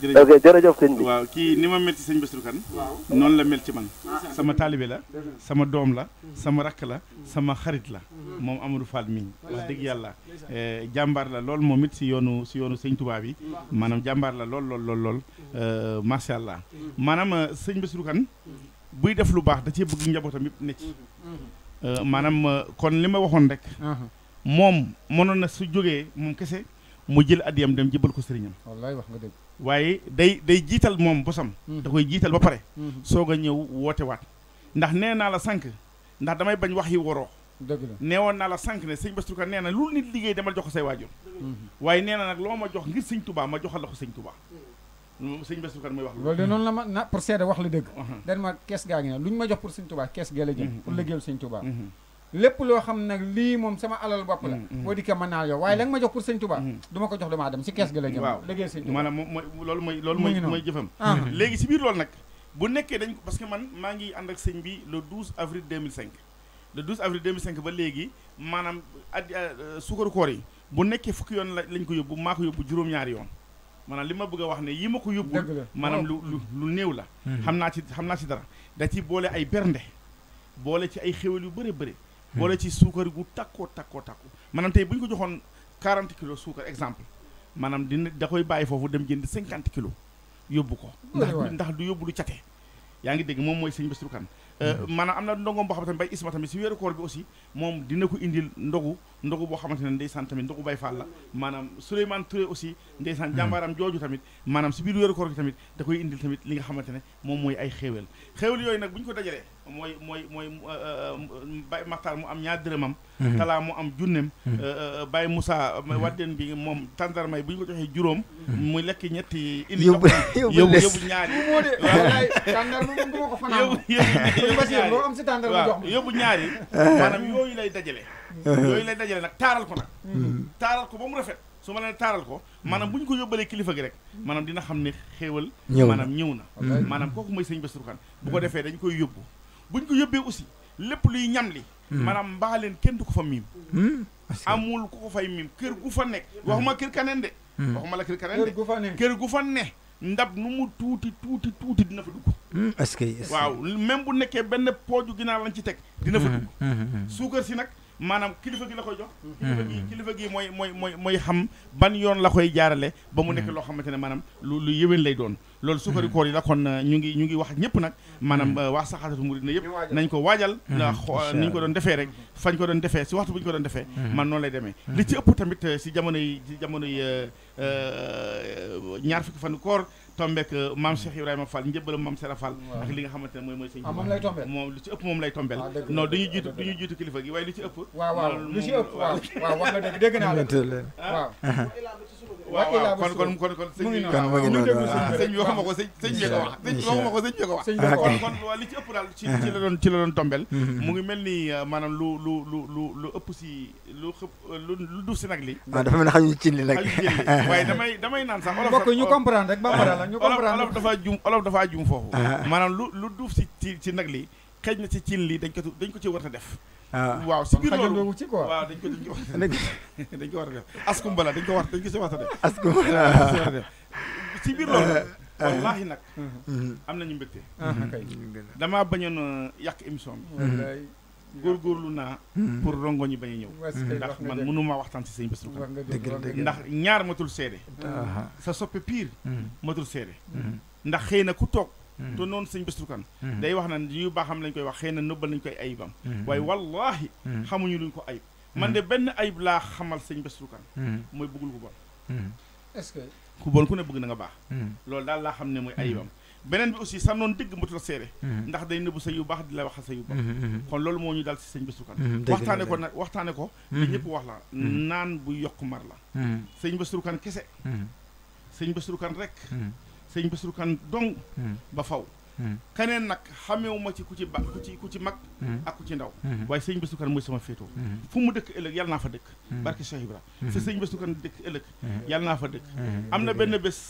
jërëjëf waaw kii ni ma mel ci sëñ Bassirou Kane. la mel ci man. sama taalibe la sama doom la sama rakk la sama xarit la moom Amadou Fall mi wax dëgg yàlla eh, jàmbaar la lool moom it si yoonu si yoonu sëñ Tuubaa bi maanaam jàmbaar la lool lool lool lool eh, macha allah maanaam eh, sëñ Bassirou buy def lu baax da cee bëgg njabootam yëpp ne ci maanaam kon li ma waxoon rek. Uh-huh. moom mënoon na su jógee moom kese. mu jël addiyam dem jëbal ko sëriñam wallaay wax nga dëgg waaye day day jiital moom bosam hmm. da koy jiital ba pare hmm. soog a ñëw woote waat ndax nee naa la sànq ndax damay bañ wax yi woroo dëgg la nee woon naa la sànq ne sëñ Bassirou Ka nee na lu nit liggéey demal jox ko say waajur hmm. waaye nee na nag loo ma jox ngir sëñ Touba ma joxal la ko sëñ Touba sëñ Bassirou Ka mooy wax loolu de noonu la ma na pour seede wax la dëgg uh-huh. dan ma kees gaa ngi ne lu ñu ma jox pour lépp loo xam nag lii moom sama alal bopp la boo mm, mm. dikkee mën naa yow waaye la nga ma jox pour sëñ Tuubaa mm. du ko jox damaa dem si kees gi a jëm waaw liggéey sëñ Tuubaa maanaam moom loolu mooy loolu mooy mooy jëfam ah. léegi si biir loolu nag bu nekkee dañ parce que man maa ngi ànd ak sëñ bi le 12 avril 2005 le 12 avril 2005 ba léegi maanaam addi euh, euh, sukaru koor yi bu nekkee fukki yoon la lañ ko yóbbu maa ko yóbbu juróom-ñaari yoon maanaam li ma bëgg a wax ne yi ma ko yóbbu maanaam oh. lu lu lu néew la mm-hmm. xam naa ci xam naa ci dara da ci boole ay bernde boole ci ay xéwal yu bëri bëri boole ci suukar gu takkoo takkoo takku maanaam tey bu ñu ko joxoon 40 kilos suukar exemple maanaam dina da koy bàyyi foofu dem jënd cinquante kilos yóbbu ko ndax ndax du yóbbu lu cate yaa ngi dégg moom mooy sëñ Bassirou Kane euh, mm-hmm. maanaam am na ndongoom boo xamante ne bay isma tamit si weeru koor bi aussi moom dina ko indil ndogu ndogu boo xamante ne ndeysaan tamit ndogu bay fall la maanaam Souleymane Touré aussi ndeysaan mm-hmm. jàmbaaram jooju tamit maanaam si biir weeru koor bi tamit da indil tamit li nga xamante ne moom mooy ay xéewal xéewal yooyu nag bu ko dajalee mooy mooy mooy euh, Baye Makhtar mu am ñaar dërëmam. Mhm. talaa mu am junneem. Mhm. Euh, euh, Baye Moussa waddeen bi moom tàndarmay bu ñu ko joxee juróom. Mhm. muy lekk ñetti. indi yóbbu yóbbu yóbbu ñaari. moo de waaye tàndarma moom duma ko fanaan. yóbbu yóbbu ñaari loo am si tàndarma jox ma yóbbu ñaari. maanaam yooyu lay dajale. Uh-huh. yooyu lay dajale nag taaral ko nag. Mm-hmm. taaral ko ba mu rafet. su ma la taaral ko maanaam bu ñu ko yóbbalee kilifa gi rek mm-hmm. maanaam dina xam ne xéewal maanaam ñëw na maanaam kooku mooy sëñ Bassirou Kane bu ko mm-hmm. defee dañ koy yóbbu buñ ko yóbbee aussi lépp luy ñam li hmm. maanaam mbaaleen kenn du ko fa miim hmm. amul ku ko fay miim kër gu fa nekk hmm. waxuma kër kaneen de waxuma la kër kaneen de kër gu fa ne ndab nu mu tuuti tuuti tuuti dina fa dugg que waaw même bu nekkee benn pooju ginaar lañ ci teg dina fa dugg suukar si nag maanaam kilifa gi la koy jox. Mhm. kilifa gi kilifa gi mooy mooy mooy mooy xam ban yoon la koy jaarale. ba mu nekk mhm. loo xamante ne maanaam lu lu yëwén lay doon. loolu sukari mhm. koor yi la kon euh, ñu ngi ñu ngi wax ak ñëpp nag. maanaam euh, wax saxaatatu murid na yëpp nañ ko waajal. ndax euh, ni ñu ko doon defee rek fañ ko doon defee si waxtu bu ñu ko doon defee. man noonu lay demee. li ci ëpp tamit si jamonoy yi si jamono ñaar fukki fan koor tombeek maam Cheikh Ibrahima Fall njëbbalam maam Sera Fall ak li nga xamante ne mooy mooy sëñ ah, moom lay tombeel moom lu ci ëpp moom lay tombeel ah, non dañuy jiitu jiitu kilifa gi waaye lu ci ëpp waaw waaw lu ci ëpp waaw waaw wax nga dëgg dégg naa la waaw ah. waaw waaw kon kon kon kon sëñ bi kon mu ngi noonu sëñ bi waxuma ko sëñ sëñ bi ko wax sëñ bi wax waa li ci ëpp daal ci ci la doon ci mhm. mu ngi mel ni euh, maanaam lu lu lu lu lu ëpp si lu xëpp euh, lu lu duuf si nag li waaw dafa mel ne xam ñu li nag waaye damay damay naan sax olof bokk ñu comprendre rek ba pare la ñu comprendre olof dafaa jum olof dafaa jum foofu ah. maanaam lu lu duuf si ci ci nag li xëj na si cin li dañ ko dañ ko ci war a def Ah. waaw si biir loolu ci waaw dañ ko dañ ko dañ ko war a def askumbala dañ ko war dañ ko si war a def askumbala si biir loolu eh, eh. wallaahi nag mm-hmm. am nañu mbégte ah, mm-hmm. damaa bañoon euh, yàq émission bi mm-hmm. góorgóorlu naa pour rongo ñi bañ a ñëw ndax man mënuma waxtaan si sëñ Bassirou Kane ndax ñaar matul seede ah. sa soppe pire matul seede ndax xëy na ku toog Mm-hmm. te noonu sëñ Bassirou Kane mm-hmm. day wax na yu baaxam lañ koy wax xëy na nëbbal nañ koy ayibam mm-hmm. waaye wallaahi xamuñu luñ ko ayib man de benn ayib laa xamal sëñ Bassirou Kane mooy bëggul ku bon est-ce que ku bon ku ne bëgg na nga baax loolu daal laa xam ne mooy ayibam beneen bi aussi sa noon dégg matu la seere ndax day nëbbu sa yu baax di la waxal sa yu baax kon loolu moo ñu dal si sëñ Bassirou Kane waxtaane ko nag waxtaane ko li ñëpp wax la naan bu yokk mar la sëñ Bassirou Kane kese sëñ Bassirou rek sëñ Bassirou kan dong hmm. ba faw hmm. keneen nag xamewuma ci ku ci ba ku ci ku ci mag hmm. ak ku ci ndaw waaye sëñ Bassirou Kane mooy sama féetoo fu mu dëkk ëllëg yàlla naa fa dëkk barke Cheikh Ibra fi sëñ Bassirou Kane dëkk ëllëg yàlla naa fa dëkk am na benn bés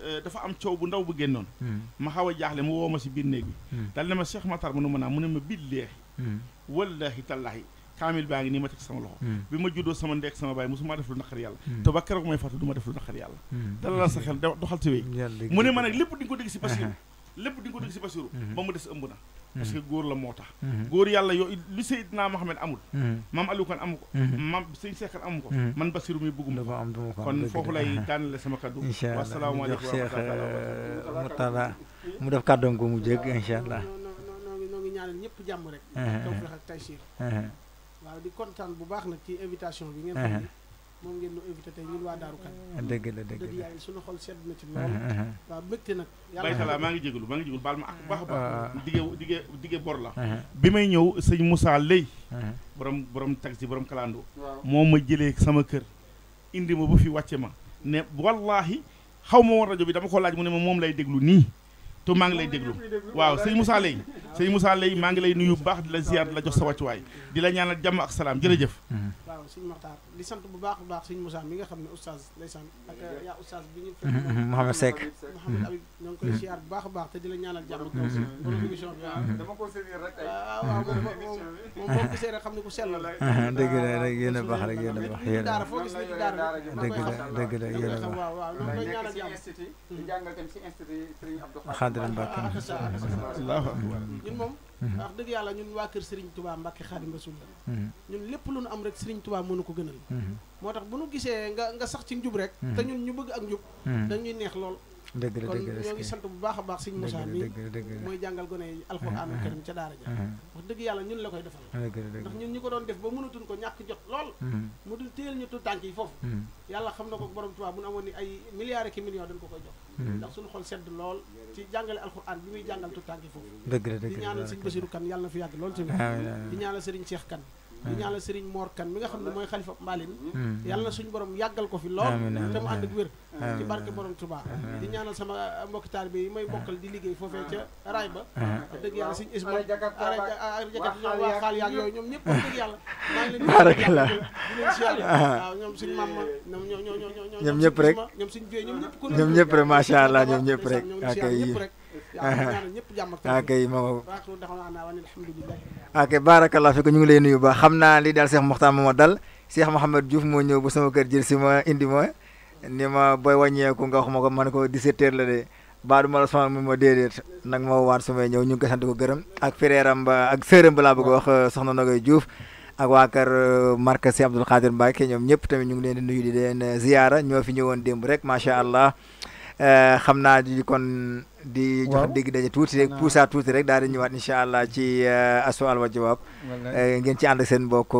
euh, dafa am coow bu ndaw bu génnoon ma xaw a jaaxle mu woo ma si biir néeg bi dal na ma Cheikh Matar mu ne ma naa mu ne ma billaahi wallaahi tallaahi kamil baangi ni ma tek sama loxo bi ma sama ndek sama bay musuma def lu naqar yàlla te ba keroog may fatu duma ma def lu naqar yàlla dalal sa xel doxal te wéy mu ne ma nag di nga ko dégg si Basiru lepp di nga ko dégg si Basiru ba mu dess ëmb parce que góor la motax tax yalla yo li Seydina mohammed amul mam Aliou kan amuko mam seigne cheikh amuko man Basiru mi bëgguma kon fofu lay le sama kaddu wa salaamu alaykum wa rahmatullahi kàddoom ko mu def kaddu ngum noo ngi ñaanal ñëpp jàmm rek tawfiq ak tayshir waaw di kontaan bu baax nag ci invitation bi ngeen xam uh-huh. moom ngeen ñu invité tey ñun uh-huh. la dëgg la yaay suñu xol sedd na ci lool uh-huh, waaw mbégte nag baytala maa ngi jégalu maa ngi jégalu baal ma maa bu baax a baax la bi may ñëw sëñ musaa Lay borom borom taxi borom kalandoo moo ma jëlee sama kër indi ma bu fi wàcce ma ne wallahi xaw ma woon rajo bi dama ko laaj mu ne ma moom lay déglu nii te maa ngi lay déglu waaw sëñ musaa Lay sëñ Moussa lay maa ngi lay nuyu bu baax di la ziar di la jox sa wàccuwaay di la ñaanal jàmm ak salaam jërëjëf waaw sëñ Maxtaar di sant bu baax bu baax sëñ Moussa mi nga xam ne oustaz ndeysaan ak yaa oustaz bi ñu Mouhamed Seck Mouhamed Abib ñoo ngi koy ziar bu baax a baax te di la ñaanal jàmm borom émission bi waaw dama ko séenir rek waaw waaw moom boo gisee rek xam ne ku sell la dëgg la rek yéen a baax rek yéen a baax yéen daara foo gis nitu daara dëgg la dëgg la yéen a baax waaw waaw loolu ñaanal jàmm institut di jàngal tam si institut Serigne Abdou Khadre Mbacké ñun moom mhm. wax dëgg yàlla ñun waa kër Serigne Touba Mbacke Xaadim Rasul la mhm. ñun lépp lu nu am rek Serigne Touba mënu ko gënal mhm. moo tax bu nu gisee nga nga sax ci njub rek te ñun ñu bëgg ak njub dañuy neex lool dëgg la dëgg la kon ñoo ngi sant bu baax a baax sëñ Moussa mi mooy jàngal gone yi alxuraanul karim ca daara ja wax dëgg yàlla ñun la koy defal ndax ñun ñi ko doon def ba mënatuñ ko ñàkk jot lool mu dul téyel ñu tu tànk yi foofu yàlla xam na ko borom Touba bu nu amoon ni ay milliards ak dañ ko koy jox Hmm. ndax suñu xol sedd lool ci jàngale alxuraan bi muy jàngal tutànki foofu dëgg la dëgg la di ñaanal sëñ Basiru kan yàlla na fi yàgg lool ci ah, di ñaanal riñ Cheikh kan di hmm. ñaanal sëriñ Mor kan mi nga xam ne mooy xalifa Mbaline hmm. yàlla na suñu borom yàggal ko fi lool te mu ànd ak wér ci ah. barke borom Touba ah. di ñaanal sama ah, mbokki taalibe yi may bokkal di liggéey foofee ca raay ba wax dëgg yàlla suñu isma ara jakat ñoom waa xaal yaag yooyu ñoom ñëpp wax dëgg yàlla maa ngi leen si yàlla waaw ñoom mam ñoom ñoo ñoo ñoo ñoom ñëpp rek ñoom suñu fee ñoom ñëpp ku ñoom ñëpp rek macha allah ñoom ñëpp rek ñëpp rek akay moom akay barakallah fi ko ñu ngi lay nuyu ba xam li daal Cheikh Mokhtar moo dal Cheikh Mouhamed Diouf moo ñëw ba sama kër jël indi ni ma booy wàññeeku nga wax ma ko man ko 17 heures la de baa du ma la sonal mu ma déedéet nag ma waat su may ñëw ñu ko gërëm ak frère ba ak sœur am ba laa bëgg wax ak waa kër euh, Marc Si Abdoul Khadir Mbacke tamit ñu ngi nu di nuyu di leen euh, ziyaara ñoo fi ñëwoon démb rek macha allah euh, xam naa kon. di jox dégg daje tuuti rek poussa tuuti rek daal di ñëwaat incha allah ci as-su'aal wa jawaab ngeen ci ànd ak seen mbokk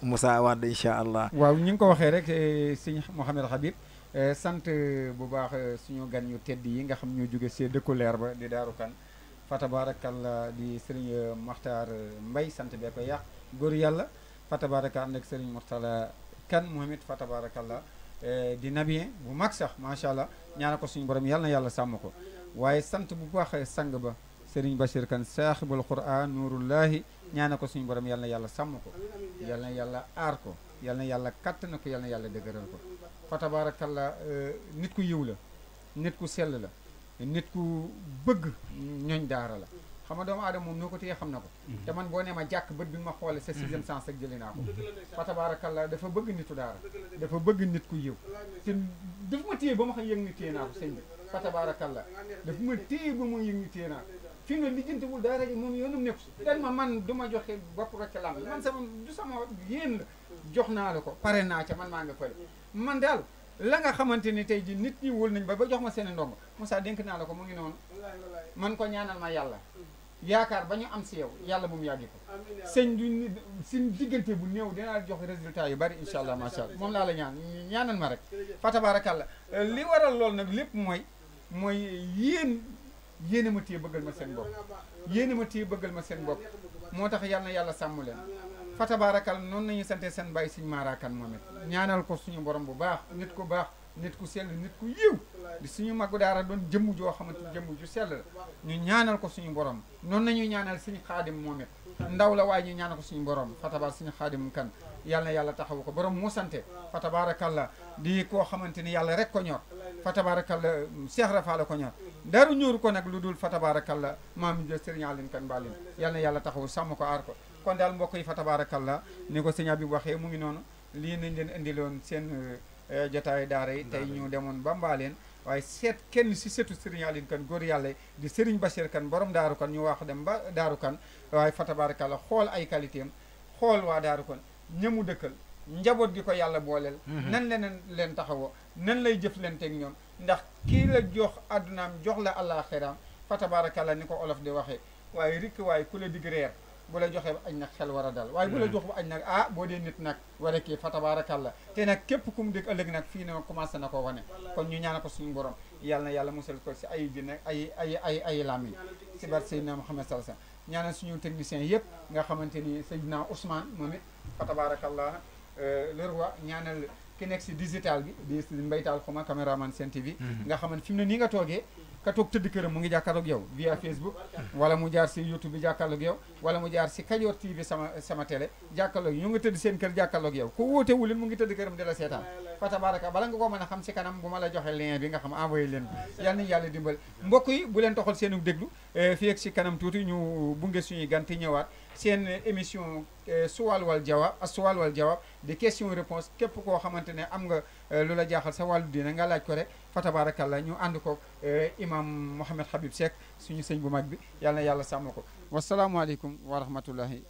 Moussa Wade incha allah waaw ñi ngi ko waxee rek euh, sëñ Mouhamed Habib euh, sant euh, bu baax suñu gan yu tedd yi nga xam ñu jóge see dëkku leer ba di Daaru Kan fa tabaarakalla di sëriñ Makhtar Mbaye sant bee yàq góor yàlla fa tabaarakalla ànd ak sëriñ Mourtala Kan Mohamed fa tabaarakalla di nabien bu mag sax macha allah ñaana ko suñu borom yàlla na yàlla sàmm ko waaye sant bu baax sang ba Serigne Bachir Kane saaxibul quran nuurullahi ñaane ko suñu borom yal yàlla sàmm ko yal na yàlla aar ko yàlla yàlla kàtt na ko yàlla yàlla dëgëral ko fa tabaarakalla euh, nit ku yiw la nit ku sell la nit ku bëgg ñooñ daara la xam nga doomu aadama moom noo ko téye xam na ko mhm. te man boo nee ma jàkk bët bi nga ma xoole sa sixième mhm. sens ak jëli naa ko fa tabaarakalla dafa bëgg nitu daara dafa bëgg nit ku yiw te dafa ma téye ba ma xam yëg ni téye naa ko sëñ bi fa tabaarakallaa daf ma téye ba mu yëg ñu téye naa fi mu ne lijjantewul daara ji moom yoonam nekku si dan ma man du ma joxe bopp rek ca làmb man sama du sama yéen la jox naa la ko pare naa ca man maa nga fële man daal la nga xamante ni tey ji nit ñi wóol nañ ba ba jox ma seen ndongo Moussa dénk naa la ko mu ngi noonu man ko ñaanal ma yàlla yaakaar ba ñu am si yow yàlla moom yàggi ko sëñ du sin diggante bu néew dinaa jox résultat yu bari incha allah macha moom laa la ñaan ñaanal ma rek fa tabaarakàlla li waral loolu nag lépp mooy mooy yéen yéen a ma bëggal ma seen bopp yéen a ma bëggal ma seen bopp moo tax yal yàlla sàmm leen fa tabaarakal noonu nañu sante seen bàyyi suñ maaraakan moom ñaanal ko suñu borom bu baax nit ku baax nit ku sell nit ku yiw di suñu magu daara doon jëmm joo xamante jëmm ju sell la ñu ñaanal ko suñu borom noonu nañu ñaanal suñu xaadim moom it ndaw la waaye ñu ñaanal ko suñu borom fatabar suñu xaadim kan yal yàlla taxawu ko borom mu sante fa la di koo xamante ni yàlla rek ko ñor fa tabaarakalla Cheikh Rafa la ko ñor daaru ñóoru ko nag lu dul fa tabaarakalla maam jo sëriñ Aline Kane Mbaline yal na yàlla taxawu sàmm ko aar kon daal mbokk yi fa tabaarakalla ni ko sëñ Abib waxee mu ngi noonu lii nañ leen indiloon seen eh, jotaayu daara yi tey ñu demoon ba mbaaleen waaye seet kenn si setu Serigne Aline Kane góor yàlla di Serigne Bachir kan boroom Daaru Kane ñu wax dem ba Daaru kan waaye fa tabaarakalla xool ay qualité xool waa Daaru Kane ñëmu dëkkal njaboot gi ko yàlla booleel nan la leen taxawoo nan lay jëflanteeg ñoom ndax kii la jox addunaam jox la àllaaxiraam fa tabaarakalla ni ko olof di waxee waaye rikk waaye ku la dig reer bu la joxee añ nag xel war a dal waaye bu la jox bu añ nag ah boo dee nit nag wala kii fa tabaarakalla te nag képp kum mu dégg ëllëg nag fii ne commencé na ko wane kon ñu ñaan ko suñu borom yàlla na yàlla musal ko si ay dina ay ay ay ay làmmiñ si bar Seydina Muhammad sallallahu alayhi wasallam ñaanal suñu technicien yëpp nga xamante ni Seydina Ousmane moom it fa tabarakallah euh, le roi ñaanal ki nekk si digital bi di mbéytaal xuma caméraman Sen TV mhm. nga xamante fi mu ne nii nga toogee ka toog tëdd këram mu ngi jàkkaarloog yow via Facebook wala mu jaar si YouTube bi jàkkaarloog yow wala mu jaar si Kajoor TV sama sama télé jàkkaarloog ñu nga tëdd seen kër jàkkaarloog yow ku wóote wulin mu ngi tëdd këram di la seetaan fa tabaraka bala nga ko mën a xam si kanam bu ma la joxe lien bi nga xam envoyé leen ko yal nañu yàlla dimbal mbokk yi bu leen toxal seenu déglu eh, fii ak si kanam tuuti ñu bu ngee suñuy gan ñëwaat seen émission eh, suwaal wal jawaab a suwaal wal jawaab di question réponse képp koo xamante ne am nga eh, lu la jaaxal sa wàllu dina nga laaj ko rek fa tabarakallah ñu ànd ko eh, imam Mouhamed Habib Seck suñu sëñ bu mag bi yàlla na yàlla sàmm ko wasalaamualeykum wa rahmatullahi